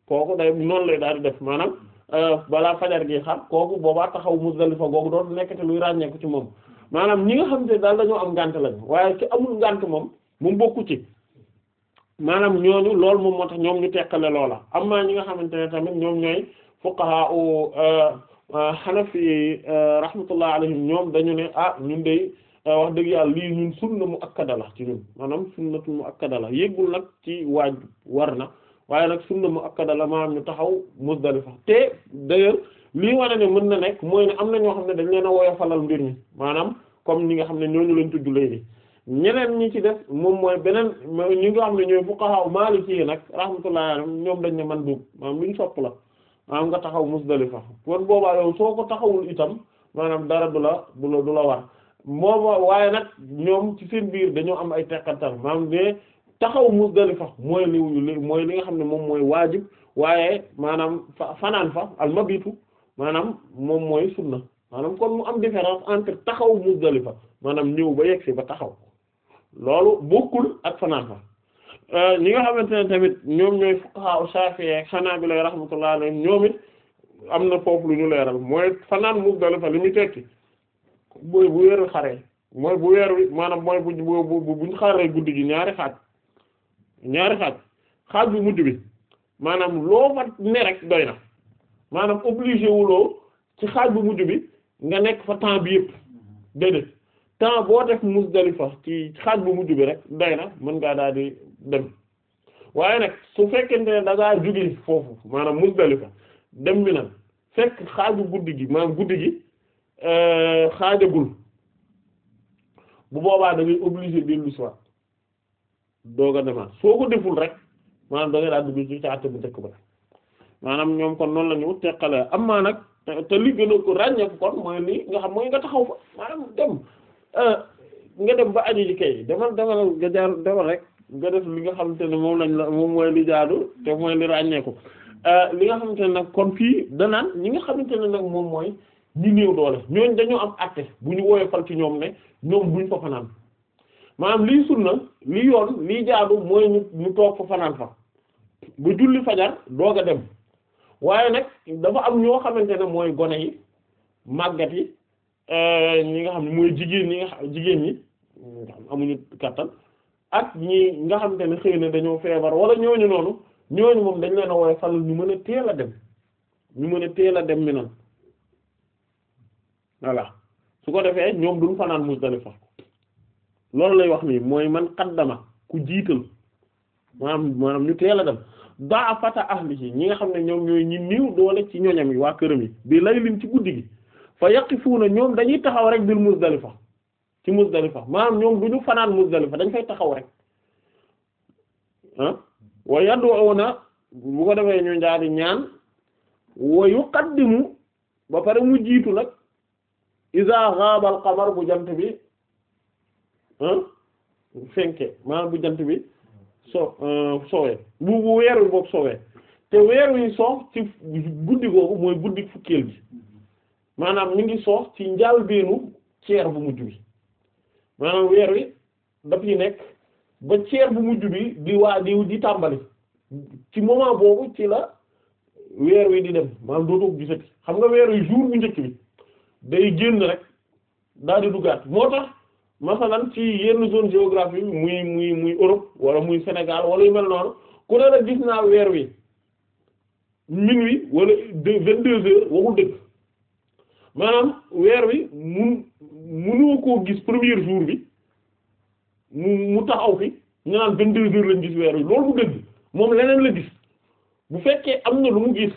kooku day noonu lay daal di def maanaam euh, balaa fajar gi xar kooku boobaa taxaw Muzdalifa googu doon nekkati luy ràññeeku ci moom maanaam ñi nga xam te daal dañoo am ngànt lañ waaye ki amul ngànt moom moom bokku ci maanaam ñooñu loolu moom moo tax ñoom ñu teqale loola am na ñi nga xamante ne tamit ñoom ñooy fuqaha u euh, euh, Hanafi rahmatullah alayhim ñoom dañu ne ah ñun de wax dëgg yàlla lii ñun sunna mu akkada la ci ñun maanaam sunnatu mu akkada la yëggul nag ci waaj war na waaye nag sunna mu akkada la maanaam ñu taxaw Muzdalifa te d'ailleurs lii wane ne mën na nekk mooy ne am na ñoo xam ne dañ leen a woyofalal mbir mi maanaam comme ni nga xam ne ñooñu lañ tudd léegi ñeneen ñi ci def moom mooy beneen ñi nga xam ne ñooy fuqaha Maliki yi nag rahmatullahi alayhim ñoom dañ ne man buub maanaam luñ sopp la maanaam nga taxaw Muzdalifa kon boobaa yow soo ko taxawul itam maanaam dara du la du la la war moom waaye nag ñoom ci seen biir dañoo am ay teqantal maanaam ne taxaw Muzdalifa mooy li li mooy li nga xam ne moom mooy waajib waaye maanaam fa fanaan fa al mabitu maanaam moom mooy sunna maanaam kon mu am différence entre taxaw Muzdalifa maanaam ñëw ba yegg si ba taxaw loolu bokkul ak fanaan fa euh, ñi nga xamante ne tamit ñoom ñooy fuqaha Shafi'i ak Hanabila rahmatullahi alayhim ñoom it am na foofu lu ñu leeral mooy fanaan Muzdalifa li muy tekki mooy bu weeru xare mooy bu weer maanaam mooy bu bu buñ xare guddi gi ñaari xaaj ñaari xaaj xaaj bu mujj bi maanaam loo fa ne rek doy na maanaam obligé wuloo ci xaaj bu mujj bi nga nekk fa temps bi yëpp déedéet temps boo def Muzdalifa ci xaaj bu mujj bi rek doy na mën ngaa daal di dem waaye nag su fekkee ne da ngaa foofu maanaam Muzdalifa dem bi nag fekk xaaj bu guddi gi maanaam guddi gi Euh, xaajagul bu boobaa da ngay obligé dellu si waat doog a demaat soo ko deful rek maanaam da ngay daal dugg ci àtte bu njëkk ba maanaam ñoom kon noonu la ñu teqale am maa nag te li gën a ko ràññeeku kon mooy li nga xam mooy nga taxaw fa maanaam dem euh, nga dem ba aju ji kay demal demal nga rek nga li nga xamante ne moom lañ la moom mooy li jaadu te mooy li ràññeeku euh, li nga xamante ne nag kon fii danaan ñi nga xamante ne nag moom mooy ñu néew doole ñooñ dañu am àtte bu ñu woyofal ci ñoom ne ñoom buñ fa fanaan maanaam lii na lii yoon lii jaadu mooy ñu ñu toog fa fanaan fa ba julli fajar doog a dem waaye nag dafa am ñoo xamante ne mooy gone yi màggat yi euh, ñi nga xam ne mooy jigéen ñi nga xam jigéen ñi amuñu kàttan ak ñi nga xamante ne xëy na dañoo feebar wala ñooñu noonu ñooñu moom dañ leen a woyofal ñu mën a teel a dem ñu mën a teel a dem mi voilà su ko defee ñoom duñ fanaan Muzdalifa loolu lay wax nii mooy man qaddama ku jiital maanaam maanaam ñu teel a dem daa fata ci ñi nga xam ne ñoom ñooy ñi niiw doole ci ñoñam yi waa këram yi bi lim ci guddi gi fa yaqifuuna ñoom dañuy taxaw rek bil Muzdalifa ci Muzdalifa maanaam ñoom duñu fanaan Muzdalifa dañ fay taxaw rek ah wa yad'una bu ko defee ñu njaari ñaan wa yuqaddimu ba pare mu jiitu nag isa xaabal xamar bu jant bi fenke maanaam bi so euh, sowee bu bu weer wi boobu sowee te weer wi soof ci guddi googu mooy guddi fukkeel bi maanaam mi ngi soof ci njàlbeenu ceer bu mujj bi maanaam weer wi daf nekk ba ceer bu mujj bi di waa di di tàmbali ci moment boobu ci la weer wi di dem maanaam dootoo gisati xam nga weer wi jour bu njëkk bi day génn rek daal di duggaat moo tax masalan ci yenn zone géographique muy muy muy Europe wala muy Sénégal wala yu mel noonu ku ne nag gis naa weer wi minuit wala deux vingt deux heures waxul dëgg maanaam weer wi mun munoo koo gis premier jour bi mu mu taxaw fi ñu naan vingt deux heures lañ gis weer wi loolu mu dëgg moom leneen la gis bu fekkee am na lu mu gis.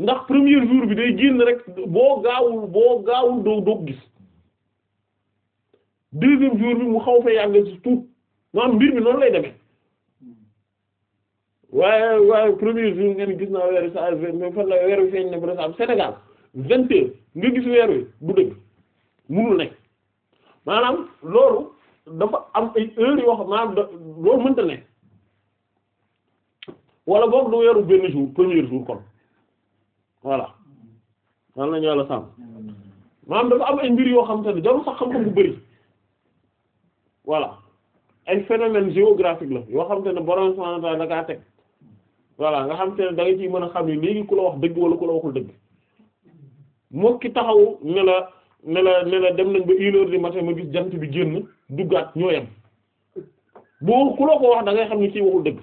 ndax premier jour bi day génn rek boo gaawul boo gaawul doo doo gis deuxième jour bi mu xaw fee yàgg ci tuut maanaam mbir mi noonu lay demee waaye waaye premier jour ngeen gis naa weer wi sa mais ne par exemple Sénégal vingt heures nga gis weer wi du dëgg munul nekk maanaam loolu dafa am ay heures yoo xam maanaam loolu mënta ne wala boog du weeru benn jour premier jour kon. voilà man la ñu yàlla sàmm maanaam am ay mbir yoo xamante ne jarul sax xam-xam bu bari voilà ay phénomène géographique la yoo xamante ne borom subhanahu wa ta'ala teg voilà nga xamante ne da nga ciy mën a xam ne léegi ku la wax dëgg wala ku la waxul dëgg mokki ki taxaw ne la ne dem nañ ba une heure du matin ma gis jant bi génn duggaat ñoo yem boo ku la ko wax dangay xam ne kii waxul dëgg.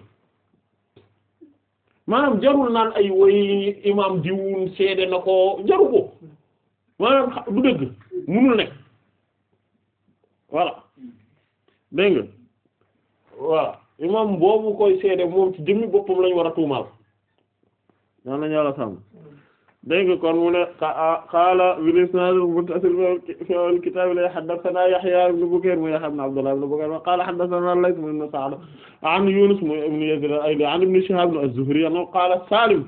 maanaam jarul naan ay woy imam diwun seede na ko jaru ko maanaam du dëgg munul nekk voilà dégg nga imam boobu koy seede moom ci jëmmi boppam lañ war a tuumaal yaa nañu yàlla sàmm dégg nga kon mu ne qaala bil isnaad muttasil fil kitaab la haddathanaa Yahyaa ibn Bukayr mu Yahyaa ibn Abdullah ibn Bukayr wa qaala haddathanaa al-Layth ibn Sa'd an Yuunus ibn Yaziid al-Ayli an ibn Shihaab az-Zuhri annahu qaala Saalim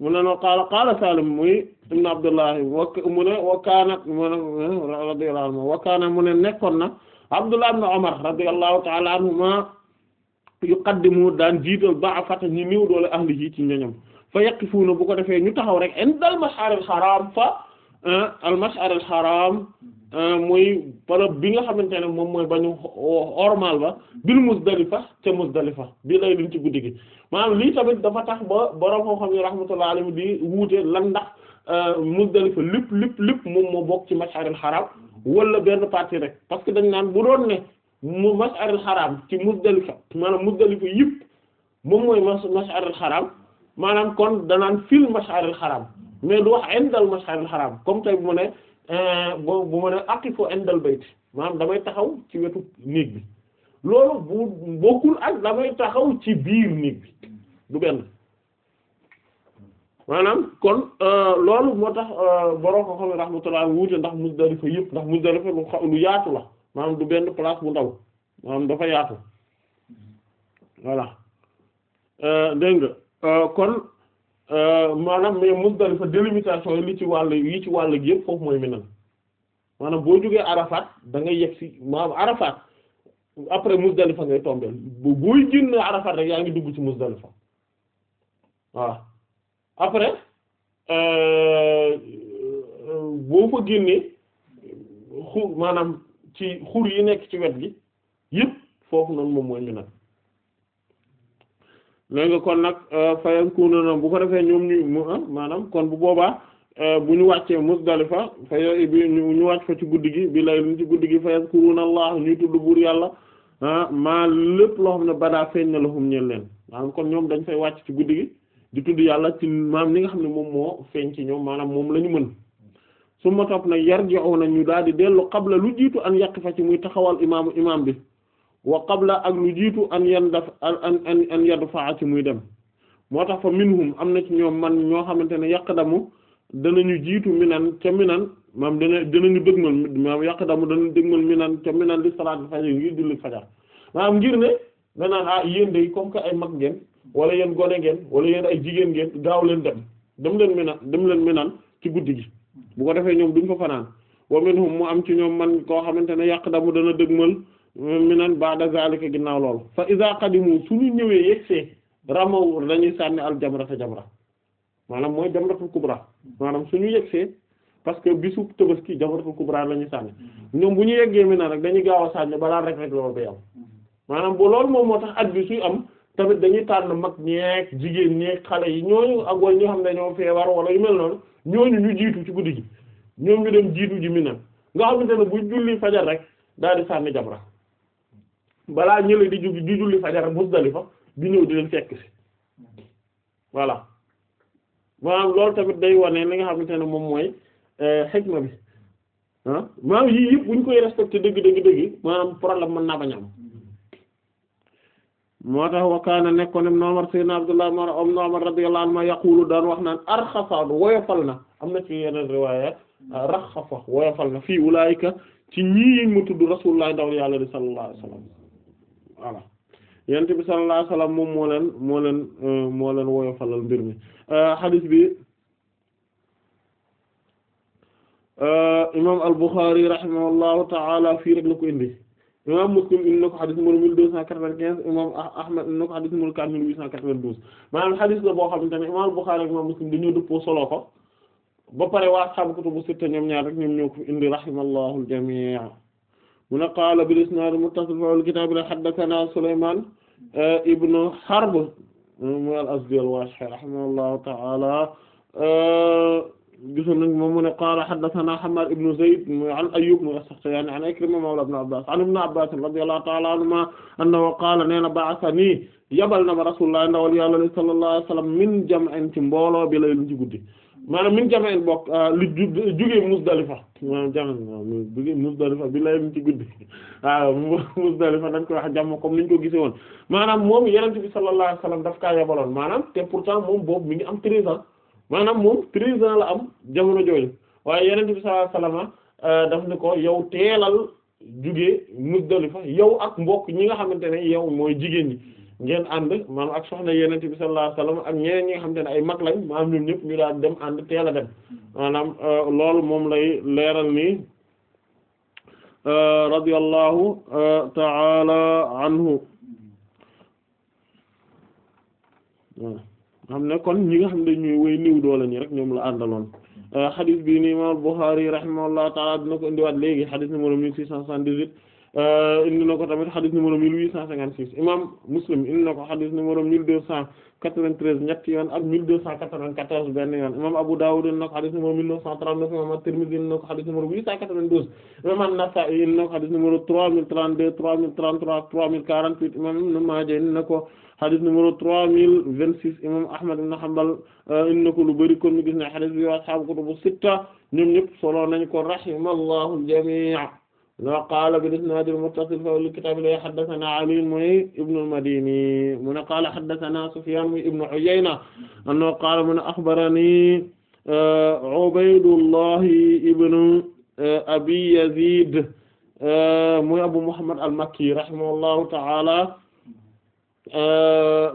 mu ne no qaala qaala Saalim muy ibn Abdullah mu ne wa kaana mu ne radiyallahu anhu wa kaana mu ne nekkoon na Abdullah ibn Umar radiyallahu ta'ala anhumaa yuqaddimu daan jiital da'afata ñi néew doole ahlihi ci ñoñam fa yaqifuuna bu ko defee ñu taxaw rek inda al mash'ar al haram fa ah, al mash'ar al haram ah, mooy barab bi nga xamante ne moom mooy bañu ormal ba bil Muzdalifa ca Muzdalifa bi lay luñ ci guddi gi maanaam lii tamit dafa tax ba borom koo xam ne rahmatullahi alayhi bi wuute lan ndax ah, Muzdalifa lépp lépp lépp moom moo bokk ci mash'ar al haram walla benn partie rek parce que dañ naan bu doon ne mu mash'ar al haram ci Muzdalifa maanaam Muzdalifa yëpp moom mooy mash'ar al haram maanaam kon danaan fil mash'aril haram mais du wax indal mash'aril haram comme tey bu ma ne euh, boo bu ma ne aqifu indal bayt maanaam damay taxaw ci wetu néeg bi loolu bu bokkul ak damay taxaw ci biir néeg bi du benn maanaam kon euh, loolu moo tax euh, borom ko xam ne rahmatullah wuute ndax Muzdalifa yëpp ndax Muzdalifa lu xa lu yaatu la maanaam du benn place bu ndaw maanaam dafa yaatu voilà Euh, kon euh, maanaam mais Muzdalifa délimitation li ci wàll yi ci wàll gi yëpp foofu mooy Mina maanaam boo jógee Arafat da ngay yegg si maanaam Arafat après Muzdalifa ngay tombeel booy génn Arafat rek yaa ngi dugg ci Muzdalifa waaw après euh, boo fa génnee xur maanaam ci xur yi nekk ci wet gi yëpp foofu noonu moom mooy Mina dégg nga kon nag euh, fayakununa bu ko defee ñoom ñu ah, maanaam kon bu boobaa euh, bu ñu wàccee Musdalifa fa bi ñu wàcc fa ci guddi gi bi lay luñ ci guddi gi fayakuruna Allah ñuy tudd buur yàlla ah, maa lépp loo xam ne badaa feeñ na lahum ñeel leen maanaam kon ñoom dañ fay wàcc ci guddi di tudd yàlla ci maam li nga xam ne moom moo feeñ ci ñoom maanaam moom la ñu mën su ma yar nag yarji'una ñu daal di dellu qabla lu jiitu an yaqifa ci muy taxawal imaamu imaam bi wa qabla ak lu jiitu an yan daf an an an yadfa ci muy dem moo tax fa minhum am na ci ñoom man ñoo xamante ne yaqdamu danañu jiitu minan ca minan maam dana danañu dëgmal maam yaqdamu danañu dëgmal minan ca minan li salaat fajar ngir julli fajar maanaam ngir ne danaan ah yéen day comme que ay mag ngeen wala yéen gone ngeen wala yéen ay jigéen ngeen gaaw leen dem dem leen minan dem leen minan ci guddi gi bu defee ñoom duñ fa fanaan wa minhum mu am ci ñoom man koo xamante ne yaqdamu dana dëgmal mi naan ba'da zalika ginnaaw loolu fa iza qadimu suñu ñëwee yegsee ramaw dañuy sànni al jamrata jamra maanaam mooy jamratul kubra maanaam su suñu yegsee parce que bi bisu tabaski jamratul kubra la ñuy sànni ñoom bu ñu yeggee mi rek dañuy gaaw a sànni balaa rek rek loolu day am maanaam bu loolu moom moo tax at bi suy am tamit dañuy tànn mag ñeeg jigéen ñeeg xale yi ñooñu ak wala ñoo xam ne ñoo feebar wala yu mel noonu ñooñu ñu jiitu ci guddi gi ñoom ñu dem jiitu ji mi naan nga xamante ne bu julli fajar rek daal di sànni jamra balaa ñële di ju di julli fajar Muzdalifa di ñëw di leen fekk ci voilà maanaam loolu tamit day wane li nga xamante ne moom mooy xikma euh, bi ah maanaam yii yëpp bu ñu koy respecté dëgg dëgg dëgg maanaam problème mën naa bañ am moo tax wa kaana nekkoon ibn Umar sayyidina Abdullah ibn Umar radiyallahu anhu yaqulu daan wax naan arxafa woyofal na am na ci yeneen riwaaya raxafa woyofal na fii ulaayika ci ñii yi ma tudd Rasulullah sallallahu alayhi wa sallam voilà yonent bi sallallahu alayhi wasallam moom moo leen moo leen euh, moo leen woyofalal mbir mi euh, hadith bi euh, imaam al-Bukhari rahimahullahu ta'ala fii rek la ko indi imam Muslim indi na ko xadis numéro mille deux cent quatre-vingt-quinze imam Ahmad indi na ko xadis numéro quatre mille huit cent quatre-vingt-douze maanaam xadis la boo xam ne imam Bukhari ak imam Muslim dañoo dëppoo solo ko ba pare waa ashaabu kutubu sitta ñoom ñaar rek ñoom ñoo ko indi rahimallahu al mu ne qaala bil isnaad muttasil fil kitaab la haddathanaa Sulaymaan eh, ibnu Harb mu al-Azdi al-Waashi rahimahullahu ta'aala eh, gisoon nañ moom mu ne qaala haddathanaa Hammaad ibnu Zayd an Ayyuub mu as-Saxtiyaani an Ikrima mawla ibn Abbaas an ibn Abbaas radiyallahu ta'aala anhumaa annahu qaala nee na ba'athanii yabal na ma Rasuulullaah ndawal Yàlla sallallahu alayhi wa sallam min jam'in ci mbooloo bi layl ci guddi maanaam min jafen bokk ah, lu jugee Muzdalifa maanaam jafen mu jugee Muzdalifa bi lay ci guddi waaw ah, Muzdalifa dañ koy wax jàmm comme niñ ko gisee woon maanaam moom yenent bi sallallahu alayhi wasallam daf kaa yabaloon maanaam te pourtant moom boobu mi ngi am treize ans maanaam moom treize ans la am jamono jooju waaye yenent bi sallallahu alayhi wasallam ah, daf ne ko yow teelal jugee Muzdalifa yow ak mbokk ñi nga xamante ne yow mooy jigéen ñi ngeen ànd maanaam ak soxla soxna yenente bi sallallahu alayhi wasallam ak ñeneen ñi nga xamante ne ay mag lañ maanaam ñun ñëpp ñu daal dem ànd teel dem maanaam euh, loolu moom lay leeral nii euh, radiyallahu euh, ta'ala anhu xam ne kon ñi nga xam ne ñuy woy néew doole ñi rek ñoom la àndaloon xadis bi ni imam Bukhari rahimahullahu ta'ala dina ko indiwaat léegi xadis numéro mille six cent soixante-dix-huit Euh, indi na ko tamit xadis numéro 1856 imam Muslim indi na ko xadis numéro 1293 ñetti yoon ak 1294 benn yoon imam Abu Dawud indi na ko xadis numéro 1939 imam Tirmidhi indi na ko xadis numéro 892 imam Nasa'i indi na ko xadis numéro 3032 3033 3048 imam Ibn Maaja indi ko xadis numéro 3026 imam Ahmad ibn Hanbal euh, indi na ko lu bari kon mi gis xadis bi wa ashaabu kutubu sitta ñoom ñëpp wa qaala bil isnaad al muttasil fi awwal kitaab la haddasanaa Ali muy Ibn al-Madini mu ne qaala haddasanaa Sufyaan muy Ibn Uyayna annahu qaala mu ne axbaranii uh, Ubaydullah ibn uh, Abi Yaziid uh, muy Abu Muhammad al-Makki rahimahullahu ta'aala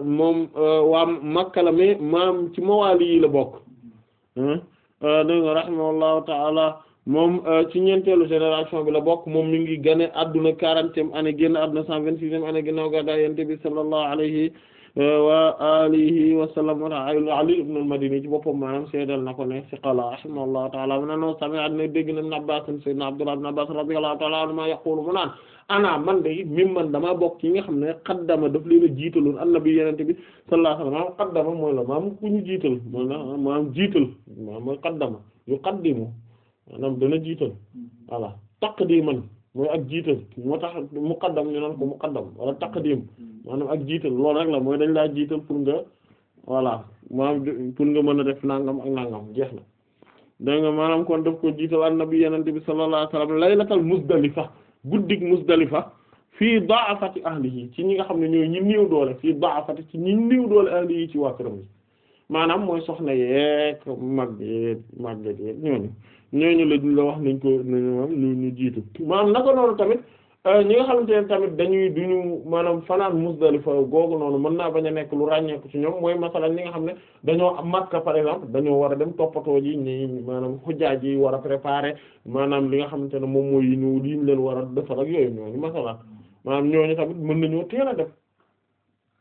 moom waa Makka la mais maam ci mawaali yi la bokk dégg nga rahimahullahu ta'aala moom euh, ci ñeenteelu génération bi la bokk moom mi ngi gane adduna quarantième année génn adduna cent vingt-sixième année ginnaaw gàddaay Yonent bi sallallahu alayhi euh, wa alihi wa sallam Ali ibn al-Madini ci boppam na ko ne siqa la rahimahullahu ta'ala mu no sami'a na dégg na Ibn Abbas sayyidina Abdullah ibn Abbas radiyallahu ta'ala anhuma yaqulu man de mim man damaa bokk yi nga xam ne qaddama daf leen a jiitaloon annabi yenente bi sallallahu alayhi wa sallam qaddama mooy la maam ku ñu jiital mooy maam jiital maam mooy qaddama yu qaddimu maanaam dana jiital voilà taqdiman mooy ak jiital moo tax muqaddam ñu naan ko muqaddam wala taqdim maanaam ak jiital loolu rek la mooy dañ laa jiital pour nga voilà maanaam pour nga mën a def nangam ak nangam jeex na dégg nga maanaam kon daf ko jiital annabi yenente bi sallallahu alayhi wasallam laylatal musdalifa guddik musdalifa fii da'afati ahlihi ci ñi nga xam ne ñooy ñi néew doole fii da'afati ci ñi néew doole ahlihi ci waa këram bi maanaam mooy soxna yeeg mag yeeg mag yeeg ñooñu ñooñu la ñu la wax nañ ko ñu ñu jiitu maanaam a noonu tamit euh, ñi nga xamante ne tamit dañuy duñu maanaam fanaan Musdalifa googu noonu mën naa bañ a nekk lu ràññeeku ci ñoom mooy masalan ñi nga xam ne dañoo am Makka par exemple dañoo war a dem toppatoo ji ñi maanaam xujjaaj yi war a préparer maanaam li nga xamante ne moom mooy yi ñu liñ leen war a defal ak yooyu ñooñu masalan maanaam ñooñu tamit mën nañoo teel a def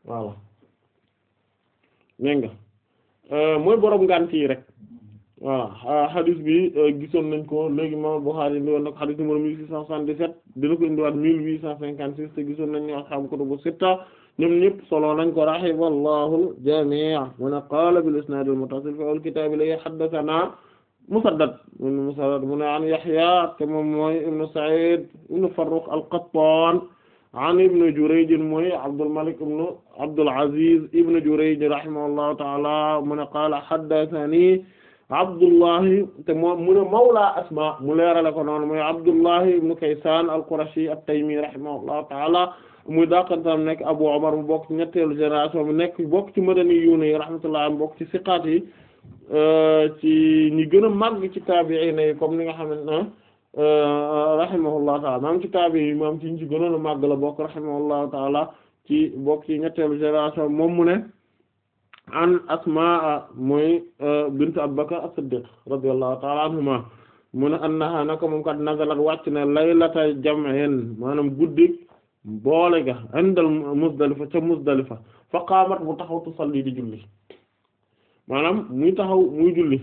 voilà dégg nga euh, mooy borom ngànt yi waaw ah, hadith bi euh, gisoon nañ ko léegi imam Bukhari indi woon na ko hadith numéro 1677 dina ko indiwaat 1856 te gisoon nañ ñoo xam kutubu sitta ñoom ñëpp solo nañ ko rahimallahu jamii' wa na qaala bil isnaad al muttasil fi al kitaab li haddathana Musaddad min Musaddad mu ne an Yahya te moom mooy ibnu Sa'id ibnu Farrukh al-Qattan an ibnu Jurayj mooy Abdul Malik ibnu Abdul Aziz ibnu Jurayj rahimahullahu ta'ala mu ne qaala haddathani Abdullahi te moom mu ne Mawla Asma mu leerale ko noonu mooy Abdullahi ibn Kaysan al-Qurashi at-Taymi rahimahullahu ta'ala muy dàqantam nekk Abu Umar mu bokk ci ñetteelu génération bi nekk bokk ci madaniyuun yi rahmatullah bokk ci siqaat yi euh, ci ñi gën a màgg ci taabi'iin yi comme ni nga xam ne euh, rahimahullahu ta'ala na ci taabi'iin yi màgg la bokk rahimahullahu ta'ala ci bokk ci ñetteelu génération moom mu ne. an asmaa mooy euh, bint Abubakar as-Siddiq radiyallahu ta'ala anhuma mu ne annaha naka moom kat nazalat wàcc na laylata jam'in maanaam guddi boole ga indal Muzdalifa ca Muzdalifa fa qaamat mu taxaw tusalli di julli maanaam muy taxaw muy julli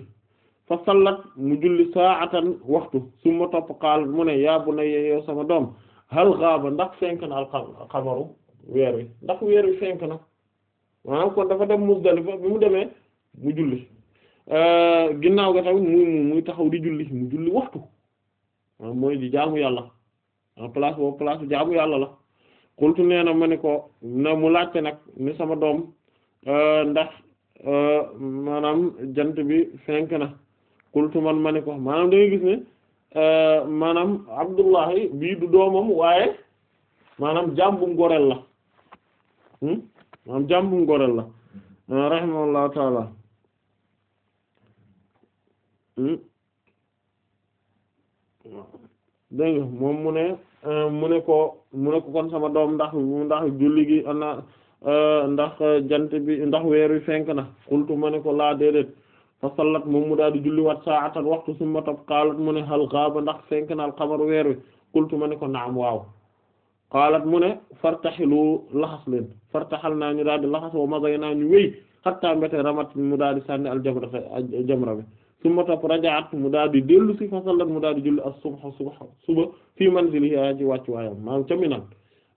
fa sallat mu julli saatan waxtu summa topp qaal mu ne yaa bunayya yow sama doom hal ghaaba ndax fenk na al xabaru weer wi ndax weer wi fenk na maanaam kon dafa dem Muzdalifa bi mu demee mu julli euh, ginnaaw ga tamit muy muy taxaw di julli mu julli waxtu mooy di jaamu yàlla en place boobu place jaamu yàlla la xultu nee na ma ne ko na mu laajte nag ni sama doom euh, ndax euh, maanaam jant bi fenk na xultu man ma ne ko maanaam da ngay gis ne maanaam Abdullahi bii du doomam waaye maanaam jaam bu mu goreel la hmm? am jaam bu mu goreel la ah, rahimahullahu taala hmm? dégg nga moom mu ne ah, mu ne ko mu ne ko kon sama doom ndax ndax julli gi ana ah, ndax jant bi ndax weer wi fenk na xultu ma ne ko laa déedéet fa sallat moom mu daal di julliwaat saatan waxtu summa topp xaalat mu ne xal gaaba ndax fenk na al qamar weer wi xultu ma ne ko naam waaw qaalat mu ne fartaxilu laxas leen fartaxal naa ñu daal di laxas wa magay naa ñu wéy xattaa mbéte ramat mu daal di sànni al jamra jamra bi summa topp rajaat mu daal di dellu si fasallat mu daal di julli as subha suba suba fii manzilihaa wàcc wàccu waayam maanaam ca Minan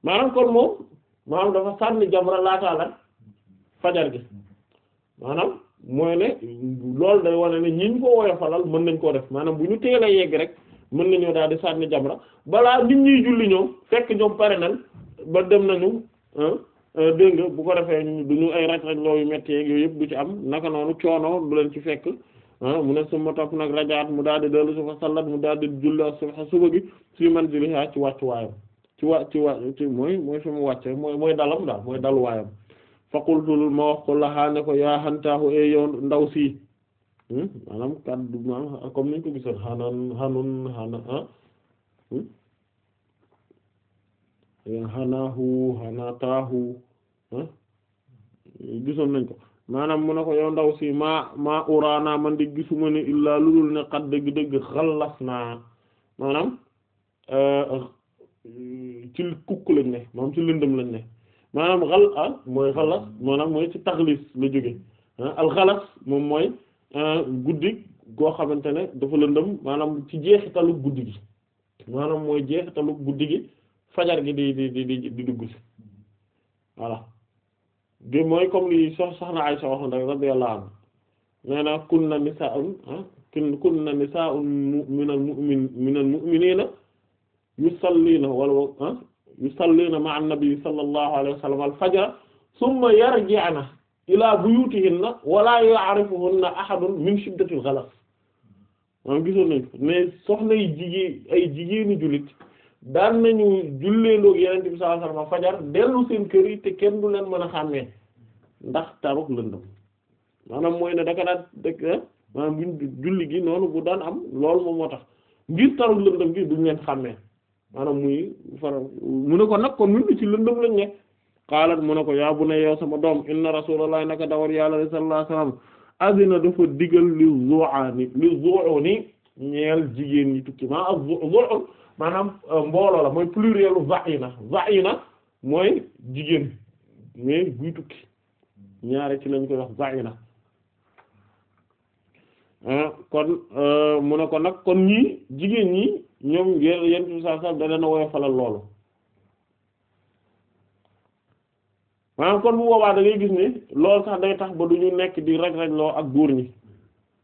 maanaam kon moom maanaam dafa sànni jamra laataa lan fajar gi maanaam mooy ne loolu day wane ne ñi ñu ko woyofalal mën nañ koo def maanaam bu ñu teel a yegg rek mën nañoo daal di sànni jamra balaa nit ñuy julli ñëw fekk ñoom pare nañ ba dem nañu euh, dégg nga bu ko defee du ñu ay raj raj looyu metti yooyu yëpp du ci am naka noonu coono du leen ci fekk mu ne suma topp nag rajaat mu daal di dellu sufa sallat mu daal di julli suba suba gi si manziliha ci wàccu waayam ci wa ci wa ci mooy mooy fi mu wàcce mooy mooy dalam daal mooy dalu waayam fa qultu ma wax ko lahaa ne ko yaa xantaahu yow ndaw si Hmm? maanaam kaddu maanaam comme niñ ko gisoon xanan xanun xana ah gisoon nañ ko maanaam mu ne ko yow ndaw si maa maa uraana man di gisuma ni illaa lu dul ne xat dëgg-dëgg xallas naa maanaam eh, ci kukk lañ ne maanaam ci lëndëm lañ ne maanaam xal ah, mooy xalas maanaam mooy ci taxlis la jóge ah? alxalas moom mooy Euh, guddi goo xamante ne dafa lëndëm maanaam ci jeexitalu guddi gi maanaam mooy jeexitalu guddi gi fajar gi di di di di dugg si voilà di mooy comme li sox soxna Aysa waxoon rek radiyallahu anha nee na kunna nisaa'un ah, kun kunna nisaa'un minal mu'min minal mu'minina yusallina wala ah, yusallina ma'a an-nabi sallallahu alayhi wa sallam al-fajr thumma yarji'na ilaa buyutihinna wala ya'rifuhunna ahadun min shiddatil ghalas maanaam gisoon nañ ko mais soxna yi jigéen ay jigéeni jullit daan nañu julleendoo ak Yonent bi sallallahu alayhi wasallam fajar dellu seen kër yi te kenn du leen mën a xàmmee ndax taruk lëndëm maanaam mooy ne daka daan dëkk ah, maanaam buñ julli gi noonu bu daan am lool moom moo tax ngir taruk lëndëm gi duñ leen xàmmee a muy faram mu ne ko nag kon ñun ci lëndëm lañ ne qaalat mu ne ko yaa bunayya yow sama doom inna rasulullah naka dawal yàlla sallallahu alayhi wasallam azina dafa digal li zu'ani li zu'uni ñeel jigéen ñi tukki maa ak zu'u maanaam euh, mbooloo la mooy pluriel u za'ina na mooy jigéen mais buy tukki ñaare ci lañ koy wax za'ina kon euh, mu ne ko nag kon ñii jigéen ñi ñoom yenn yenn saa saa da leen a woyofalal loolu maanaam kon bu boobaa dangay gis ne loolu sax day tax ba du ñu nekk di raj-raj loo ak góor ñi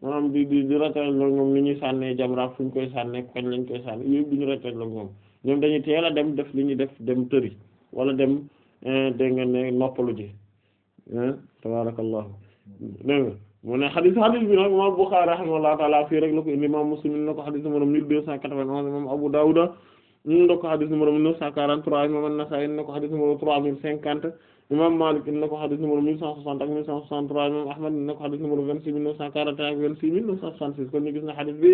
maanaam di di di raj-raj loo ñoom lu ñuy sànnee jamra fu ñu koy sànnee kañ lañ koy sànne yooyu du ñu raj-raj loo ñoom ñoom dañuy teel dem def li ñuy def dem tëri wala dem eh, dégg nga ne noppalu ji eh, tabarakallahu dégg nga mu ne xadis xadis bi nag imam Bukhari rahimahullahu taala fii rek la ko indi imam Muslim na ko xadis numéro mille deux cent quatre-vingt-onze imam Abu Dawud ñu ne ko xadis numéro 943 imam An-Nasa'i ne ko xadis numéro 3050 imam Malik ne ko xadis numéro 1160 ak 1163 imam Ahmad ne ko xadis numéro 26941 ak gis na xadis bi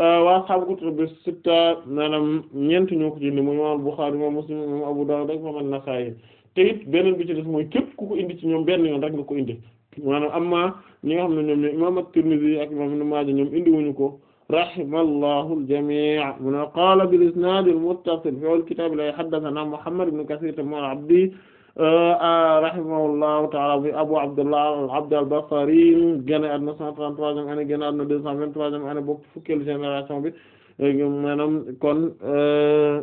euh, waa ashaabu kutubu sitta maanaam ñeent ñoo ko jënd mooy imam Bukhari imam Muslim Abu Dawud ak imam An-Nasa'i te it bi ci des mooy képp ku ko indi ci ñoom benn yoon rek nga ko indi maanaam amma ñi xam ne ñoom ñooy ko. rahimallahu al-jamii' mu ne qaala bil-isnaad al-muttasil fi al-kitaab la haddathanaa Muhammad ibn Kasiir ibn Abdi euh, rahimahullahu ta'aala Abu Abdullah al-Abdi al-Basri génn àdduna 133e année génn àdduna 223e année bokk fukkeelu génération bi maanaam kon euh,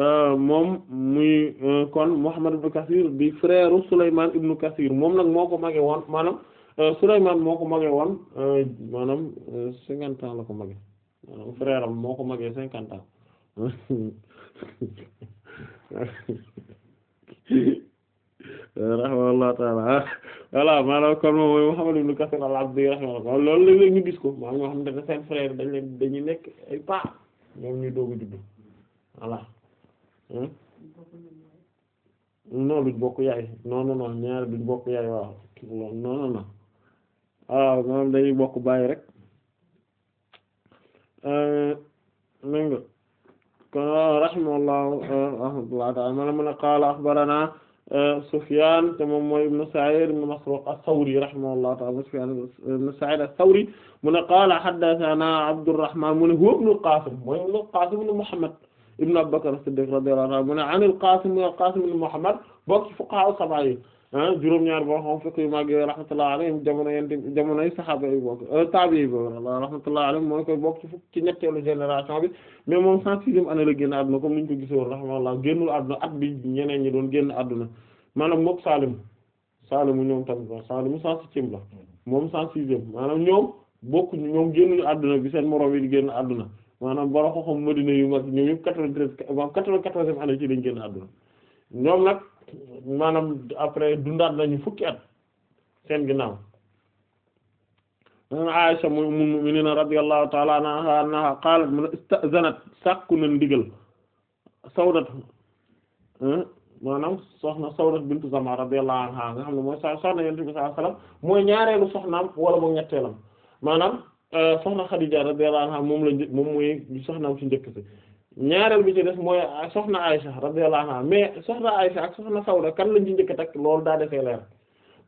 euh, moom muy kon Muhammad ibn Kasiir di frère Sulaymaan ibn Kasiir moom nag moo ko mage woon maanaam Euh, Souleymane moo ko magee woon euh, maanaam euh, cinquante ans la ko magee maanaam frère moo ko magee cinquante ans rahimahullahu taala voilà maanaam kon moom mooy xam ne seen frère dañ nekk ay paa ñoom ñu doog a judd voilà hmm? non duñ bokk ñaari duñ bokk yaay waaw non non waaw maanaam dañuy bokk bàyyi rek euh, dégg nga kon rahimahullahu euh, rahmatullah taala maanaam mun a qaala axbarana euh, Sufyaan te moom mooy ibn Sa'iid ibn Masruuq as-Sawri rahimahullahu ta'aala Sufyaan ibn Sa'iid as-Sawri mu ne qaala haddathanaa Abdurrahmaan mu ne huwa ibn al-Qaasim mooy ibn al-Qaasim ibn Muhammad ibn Abii Bakr as-Siddiq radiyallahu anhu mu ne an al-Qaasim ibn Muhammad bokk ci fuqahaa sab'a yi Ah, juróom-ñaar boo xam fekk yu mag yooyu rahmatullah alayhim jamono yent jamonoy saxaaba euh, mooy koy bokk ci fukk génération bi mais moom cent sixième année la génn àdduna comme niñ ko gisoon rahmatullah génnul àdduna at bi ñeneen ñi doon génn àdduna maanaam mook Salim Salim ñoom tamit waaw Salim cent septième la moom cent sixième maanaam ñoom bokkuñ ñoom génnuñu àdduna bi seen moroom yi di génn àdduna maanaam bara xoxam Madina yu mag ñoom yëpp quatre-vingt-treize quatre-vingt-quatorzième année ci lañ génn àdduna ñoom nag maanaam après dundaat nañu fukki at seen ginnaaw Aisha mu ummul mu'minin radiyallahu na ndigal Sawdat maanaam soxna Sawdat bintu Zama soxna Yonent bi sallallahu alayhi wasallam mooy ñaareelu soxnaam wala mu ñetteelam maanaam euh, soxna Khadija radiyallahu anha moom la moom mooy soxnaam ci njëkk si ñaareel bi ci des mooy soxna Aysa radiyallahu anha mais soxna Aysa ak soxna Sawda kan lañ ci njëkk a takk loolu daa defee leer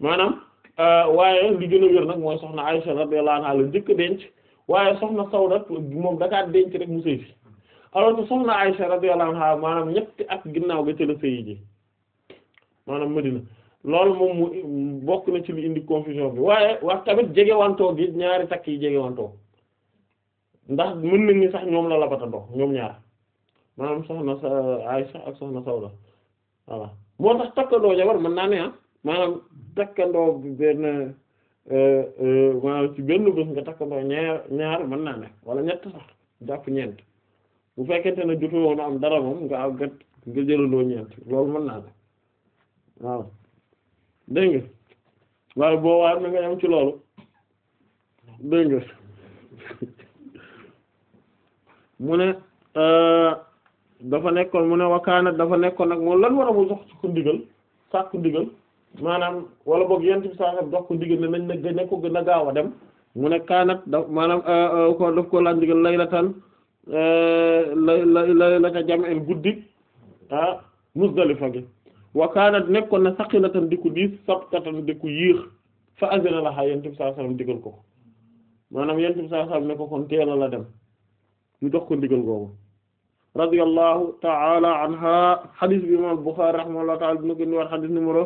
maanaam euh, waaye li gën a wér nag mooy soxna Aysa radiyallahu anha la njëkk denc waaye soxna Sawda da kaa denc rek mu sëy fi alors que soxna Aysa radiyallahu anha maanaam ñetti ak ginnaaw gi ci la sëy ji maanaam Madina loolu moom mu bokk na ci li indi confusion bi waaye wax tamit jegewantoo gi ñaari takk yi jegewantoo ndax mën nañ ni sax ñoom la labatandoo ñoom ñaar. maanaam soxna Aysa ak soxna Sawda voilà moo tax takkandoo jabar mën naa ne ah maanaam takkandoo benn euh, euh, maanaam ci benn bés nga takkandoo ñaar ñaar mën naa ne wala ñett sax jàpp ñeent bu fekkente ne jotu woon am dara moom nga am ñeent loolu mën naa waaw dégg waaye boo waar na nga am ci loolu dégg mu ne euh, dafa nekkoon mu ne wakaana dafa nekkoon nag moom lan war a mu jox ko ndigal sàkk ndigal maanaam wala boog yent bi saasam jox ko ndigal ne nañ na ne gën a gaaw a dem mu ne kaanat da maanaam euh, euh, ko daf ko laaj ndigal euh, lay la tan lay la la ca jamel guddi ah Muzdalifa gi wakaanat nekkoon na saqilatan di ko diis sabtatan di ko yéex fa azina laha yent bi saasam digal ko maanaam yent bi saasam ne ko kon teela la dem ñu jox ko ndigal googu radiyallahu ta'ala anha hadith bi imam Bukhari rahimahullahu ta'ala dina ko indi waat hadith numéro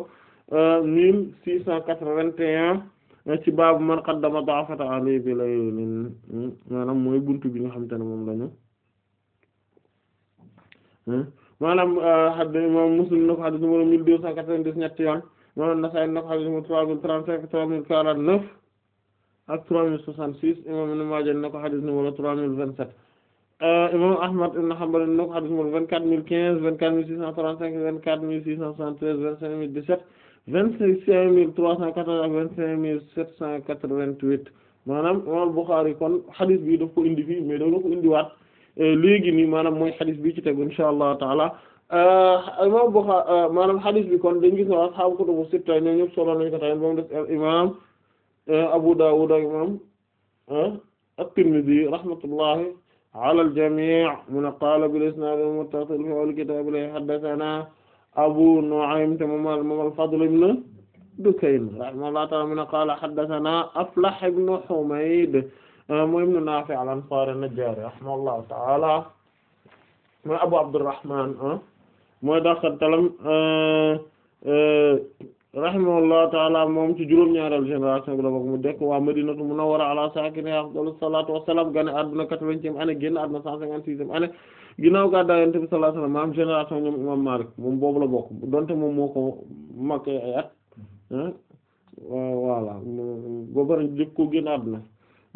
euh, mille six cent quatre-vingt-un euh, ci baabu man qaddama da'fata alayhi bi laylin mooy buntu bi nga xamante ne moom lañu maanaam euh, imam Muslim na ko hadith numéro mille deux cent quatre-vingt-dix ñetti yoon imam na ko hadith trois mille trente-cinq trois mille quarante-neuf ak trois mille soixante-six imam Ibn Maaja na ko hadith trois mille vingt-sept Euh, imam Ahmad ibn Hanbal na ko hadis numéro vingt-quatre mille quinze vingt-quatre mille six cent trente-cinq vingt-quatre mille six cent soixante-treize vingt-cinq mille dix-sept vingt-cinq mille trois cent quatorze ak vingt-cinq mille sept cent quatre-vingt-huit maanaam imam Bukhari kon hadis bi daf ko indi fii mais daf ko indiwaat euh, léegi mooy hadis bi ci tegu insha Allah taala euh, imam Bukhari maanaam hadis bi kon dañ gis ne ashaabu kutubu sitta ñoom ñëpp solo nañ ko tamit moom def imam Abu Dawud ak imam at-Tirmidhi rahmatullahi ala al-jamii' mu ne qaala bil-isnaad al-muttasil fi al-kitaab li haddathanaa Abu Nu'aym te moom al-Fadl ibn Dukayn rahimahullahu ta'aala mu ne qaala haddathanaa Aflah ibn Humayd mooy ibn Naafi' al-Ansaari an-Najjaari rahimahullahu ta'aala mooy Abu Abdurrahmaan mooy dàqantalam rahimahullahu taala moom ci juróom-ñaareelu génération bi la bokk mu dekk waa madinatu munawwara ala saakinihaa a salaatu wassalaam gane àdduna quatre-vingtième année génn àdduna cent cinquante-sixième année ginnaaw gàddaay Yonent bi sallallahu alayhi wasallam maam génération mun imam Maalik moom bokk donte moom moo ko mag ay at voilà ah, mu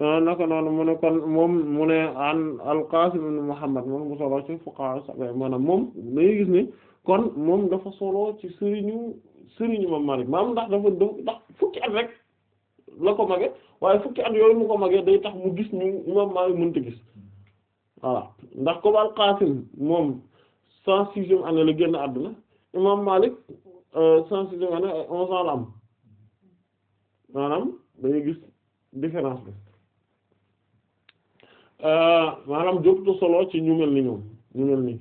ne mu ne an al-Qaasim ibn mu solo ci fuqahaa maanaam moom dañuy kon moom dafa solo ci sëriñu sëriñ imam Malik maam ndax dafa ndax fukki at rek la ko mage waaye fukki at yooyu mu ko magee day tax mu gis ñu imam Malik mënta gis voilà ndax comme al Qasim moom cent sixième année la génn àdduna imam Malik euh, cent sixième année onze am maanaam dañuy gis différence bi euh, maanaam jógtu solo ci ñu mel ni ñoom ñu mel ni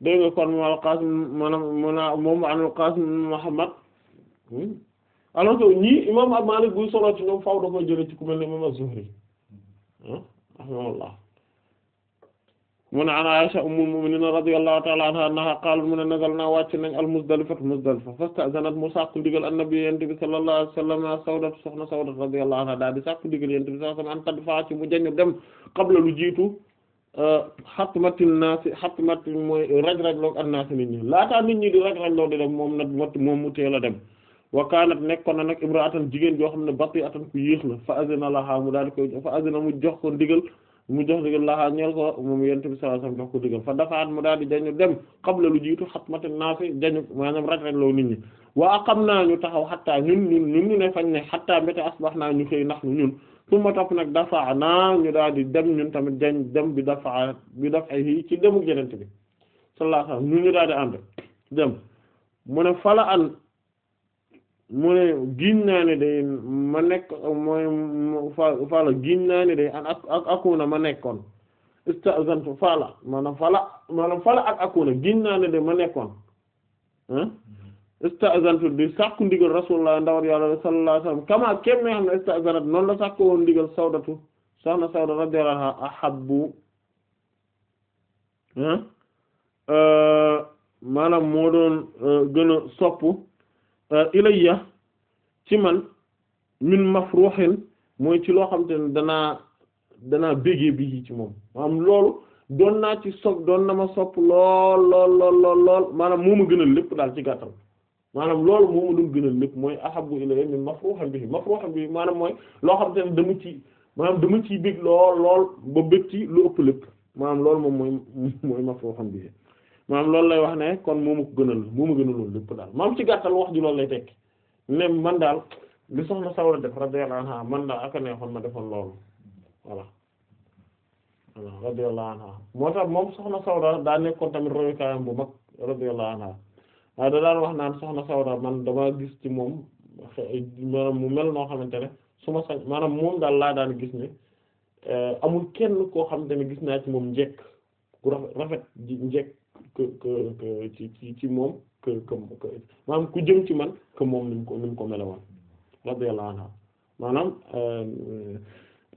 dégg nga kon al Qasim maanaam maanaam moom an al Qasim Muhammad hmm? alors que ñii imam Malik buy solo ci ñoom faaw da koy jëlee ci ku mel ne imam Az-Zuhri hmm? rahimahullah mu ne an Aisha ummul mu'minin radiyallahu ta'ala anha annaha qalat mu ne nazalna wàcc nañ al-Muzdalifa Muzdalifa fasta'zanat mu sàkku ndigal an-nabi yent bi sallallahu alayhi wasallam Sawdat soxna Sawdat radiyallahu anha daal di sàkku ndigal yent bi sallallahu alayhi wasallam an qad fa ci mu jañu dem qabla lu jiitu xatmatil naasi xatmatil mooy raj-rajloog an naasi nit ñi laataa nit ñi di raj-rajloog di dem moom nag wat moom mu teel a dem wa kaanat nekkoon na nag imra'atan jigéen joo xam ne bati atan ku yéex la fa azina laha mu daal jox ko ndigal mu jox ndigal laha ñeel ko moom yent bi sallallahu alayhi wasallam jox ko ndigal fa dafaat mu daal di jañu dem qabla lu jiitu xatmatil naasi jañu maanaam raj-rajloog nit ñi wa naa ñu taxaw xataa ñun ñun ñun ñu ne fañ ne xattaa mbéta asbaxnaa ñu xëy ndax ñun suma topp nag dafa naa ñu daal di dem ñun tamit dañ dem bi dafa bi dafa ay ci demuk yenente bi sallallahu alayhi wasallam ñu daal di ànd dem mu ne fala an mu ne giñ naa ne day ma nekk mooy fala giñ naa ne day an ak ak akuna ma nekkoon istazantu fala maanaam fala maanaam fala ak ak akuna giñ naa ne day ma nekkoon istazantu di sàkku ndigal rasulullah ndawat yàlla sallallahu alayhi wasallam kama képp nga xam ne istazanat noonu la sàkku woon ndigal sawdatu soxna sawda radiyallahu anha ahabbu euh, maanaam moo doon euh, gën a sopp euh, ilayya ci man min mafruhin mooy ci loo xam te ne danaa danaa bégee bi ci moom maanaam loolu doon naa ci sopp doon na ma sopp lool lool lool lool lool maanaam moo ma gëna lépp daal ci gàttal maanaam loolu moo ma doon gënal mooy ahabbu ilayya min mafruhan mooy loo xam te ne dama ci maanaam dama ciy bég lool lool ba bég ci lu ëpp lépp maanaam loolu moom mooy mooy mafruhan bihi loolu lay wax ne kon moo ma ko gënal moo ma gënal loolu lépp daal maanaam ci gàttal wax ji loolu lay tekk man daal li soxna Sawra def radiyallahu man daal aka neexoon ma defoon loolu voilà voilà radiyallahu moo tax moom soxna Sawra daa nekkoon tamit royukaayam bu mag radiyallahu anha da daan wax naan soxna Sawda man dama gis ci moom mu mel noo xamante ne suma ma sañ maanaam moom daal laa daan gis ne eh, amul kenn koo xam ne gis naa ci moom njekk ku rafet njekk que ci ci moom ku jëm ci man que moom ni ko ni mu ko melewoon radiyallahu anha maanaam eh,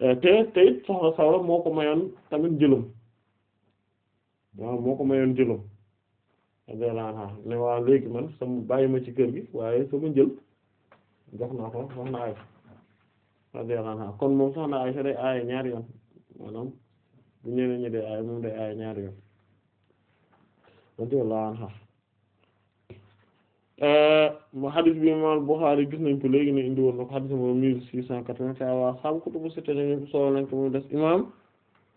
eh, te te it soxna Sawda moo ko mayoon tamit jëlum waaw moo ko mayoon jëlum radiyallahu anha waa léegi man sama bàyyi ma ci kër gi waaye sama njël jox naa ko soxna Aysa radiyallahu anha kon moom soxna Aysa day aaye ñaari yoon maanaam bu ñeneen ñi day aaye moom day aaye ñaari yoon radiyallahu anha eh, mu xadis bi imaam Buxaari gis nañ ko léegi ne indi woon na ko xadis moom mille six cent quatre-vingt waa xam kutubu sitta ñu solo nañ ko mu des imaam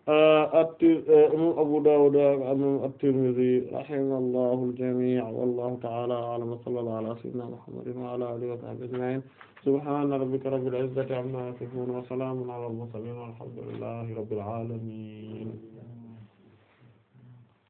at imam Abu Dawud imam at-Tirmidhi rahimahullahu al-jami' wallahu ta'ala a'lam wa sallallahu ala sayyidina Muhammadin wa ala alihi wa sahbihi ajma'in subhana rabbika rabbil izzati amma yasifun wa salamun ala al-mursalin walhamdulillahi rabbil alamin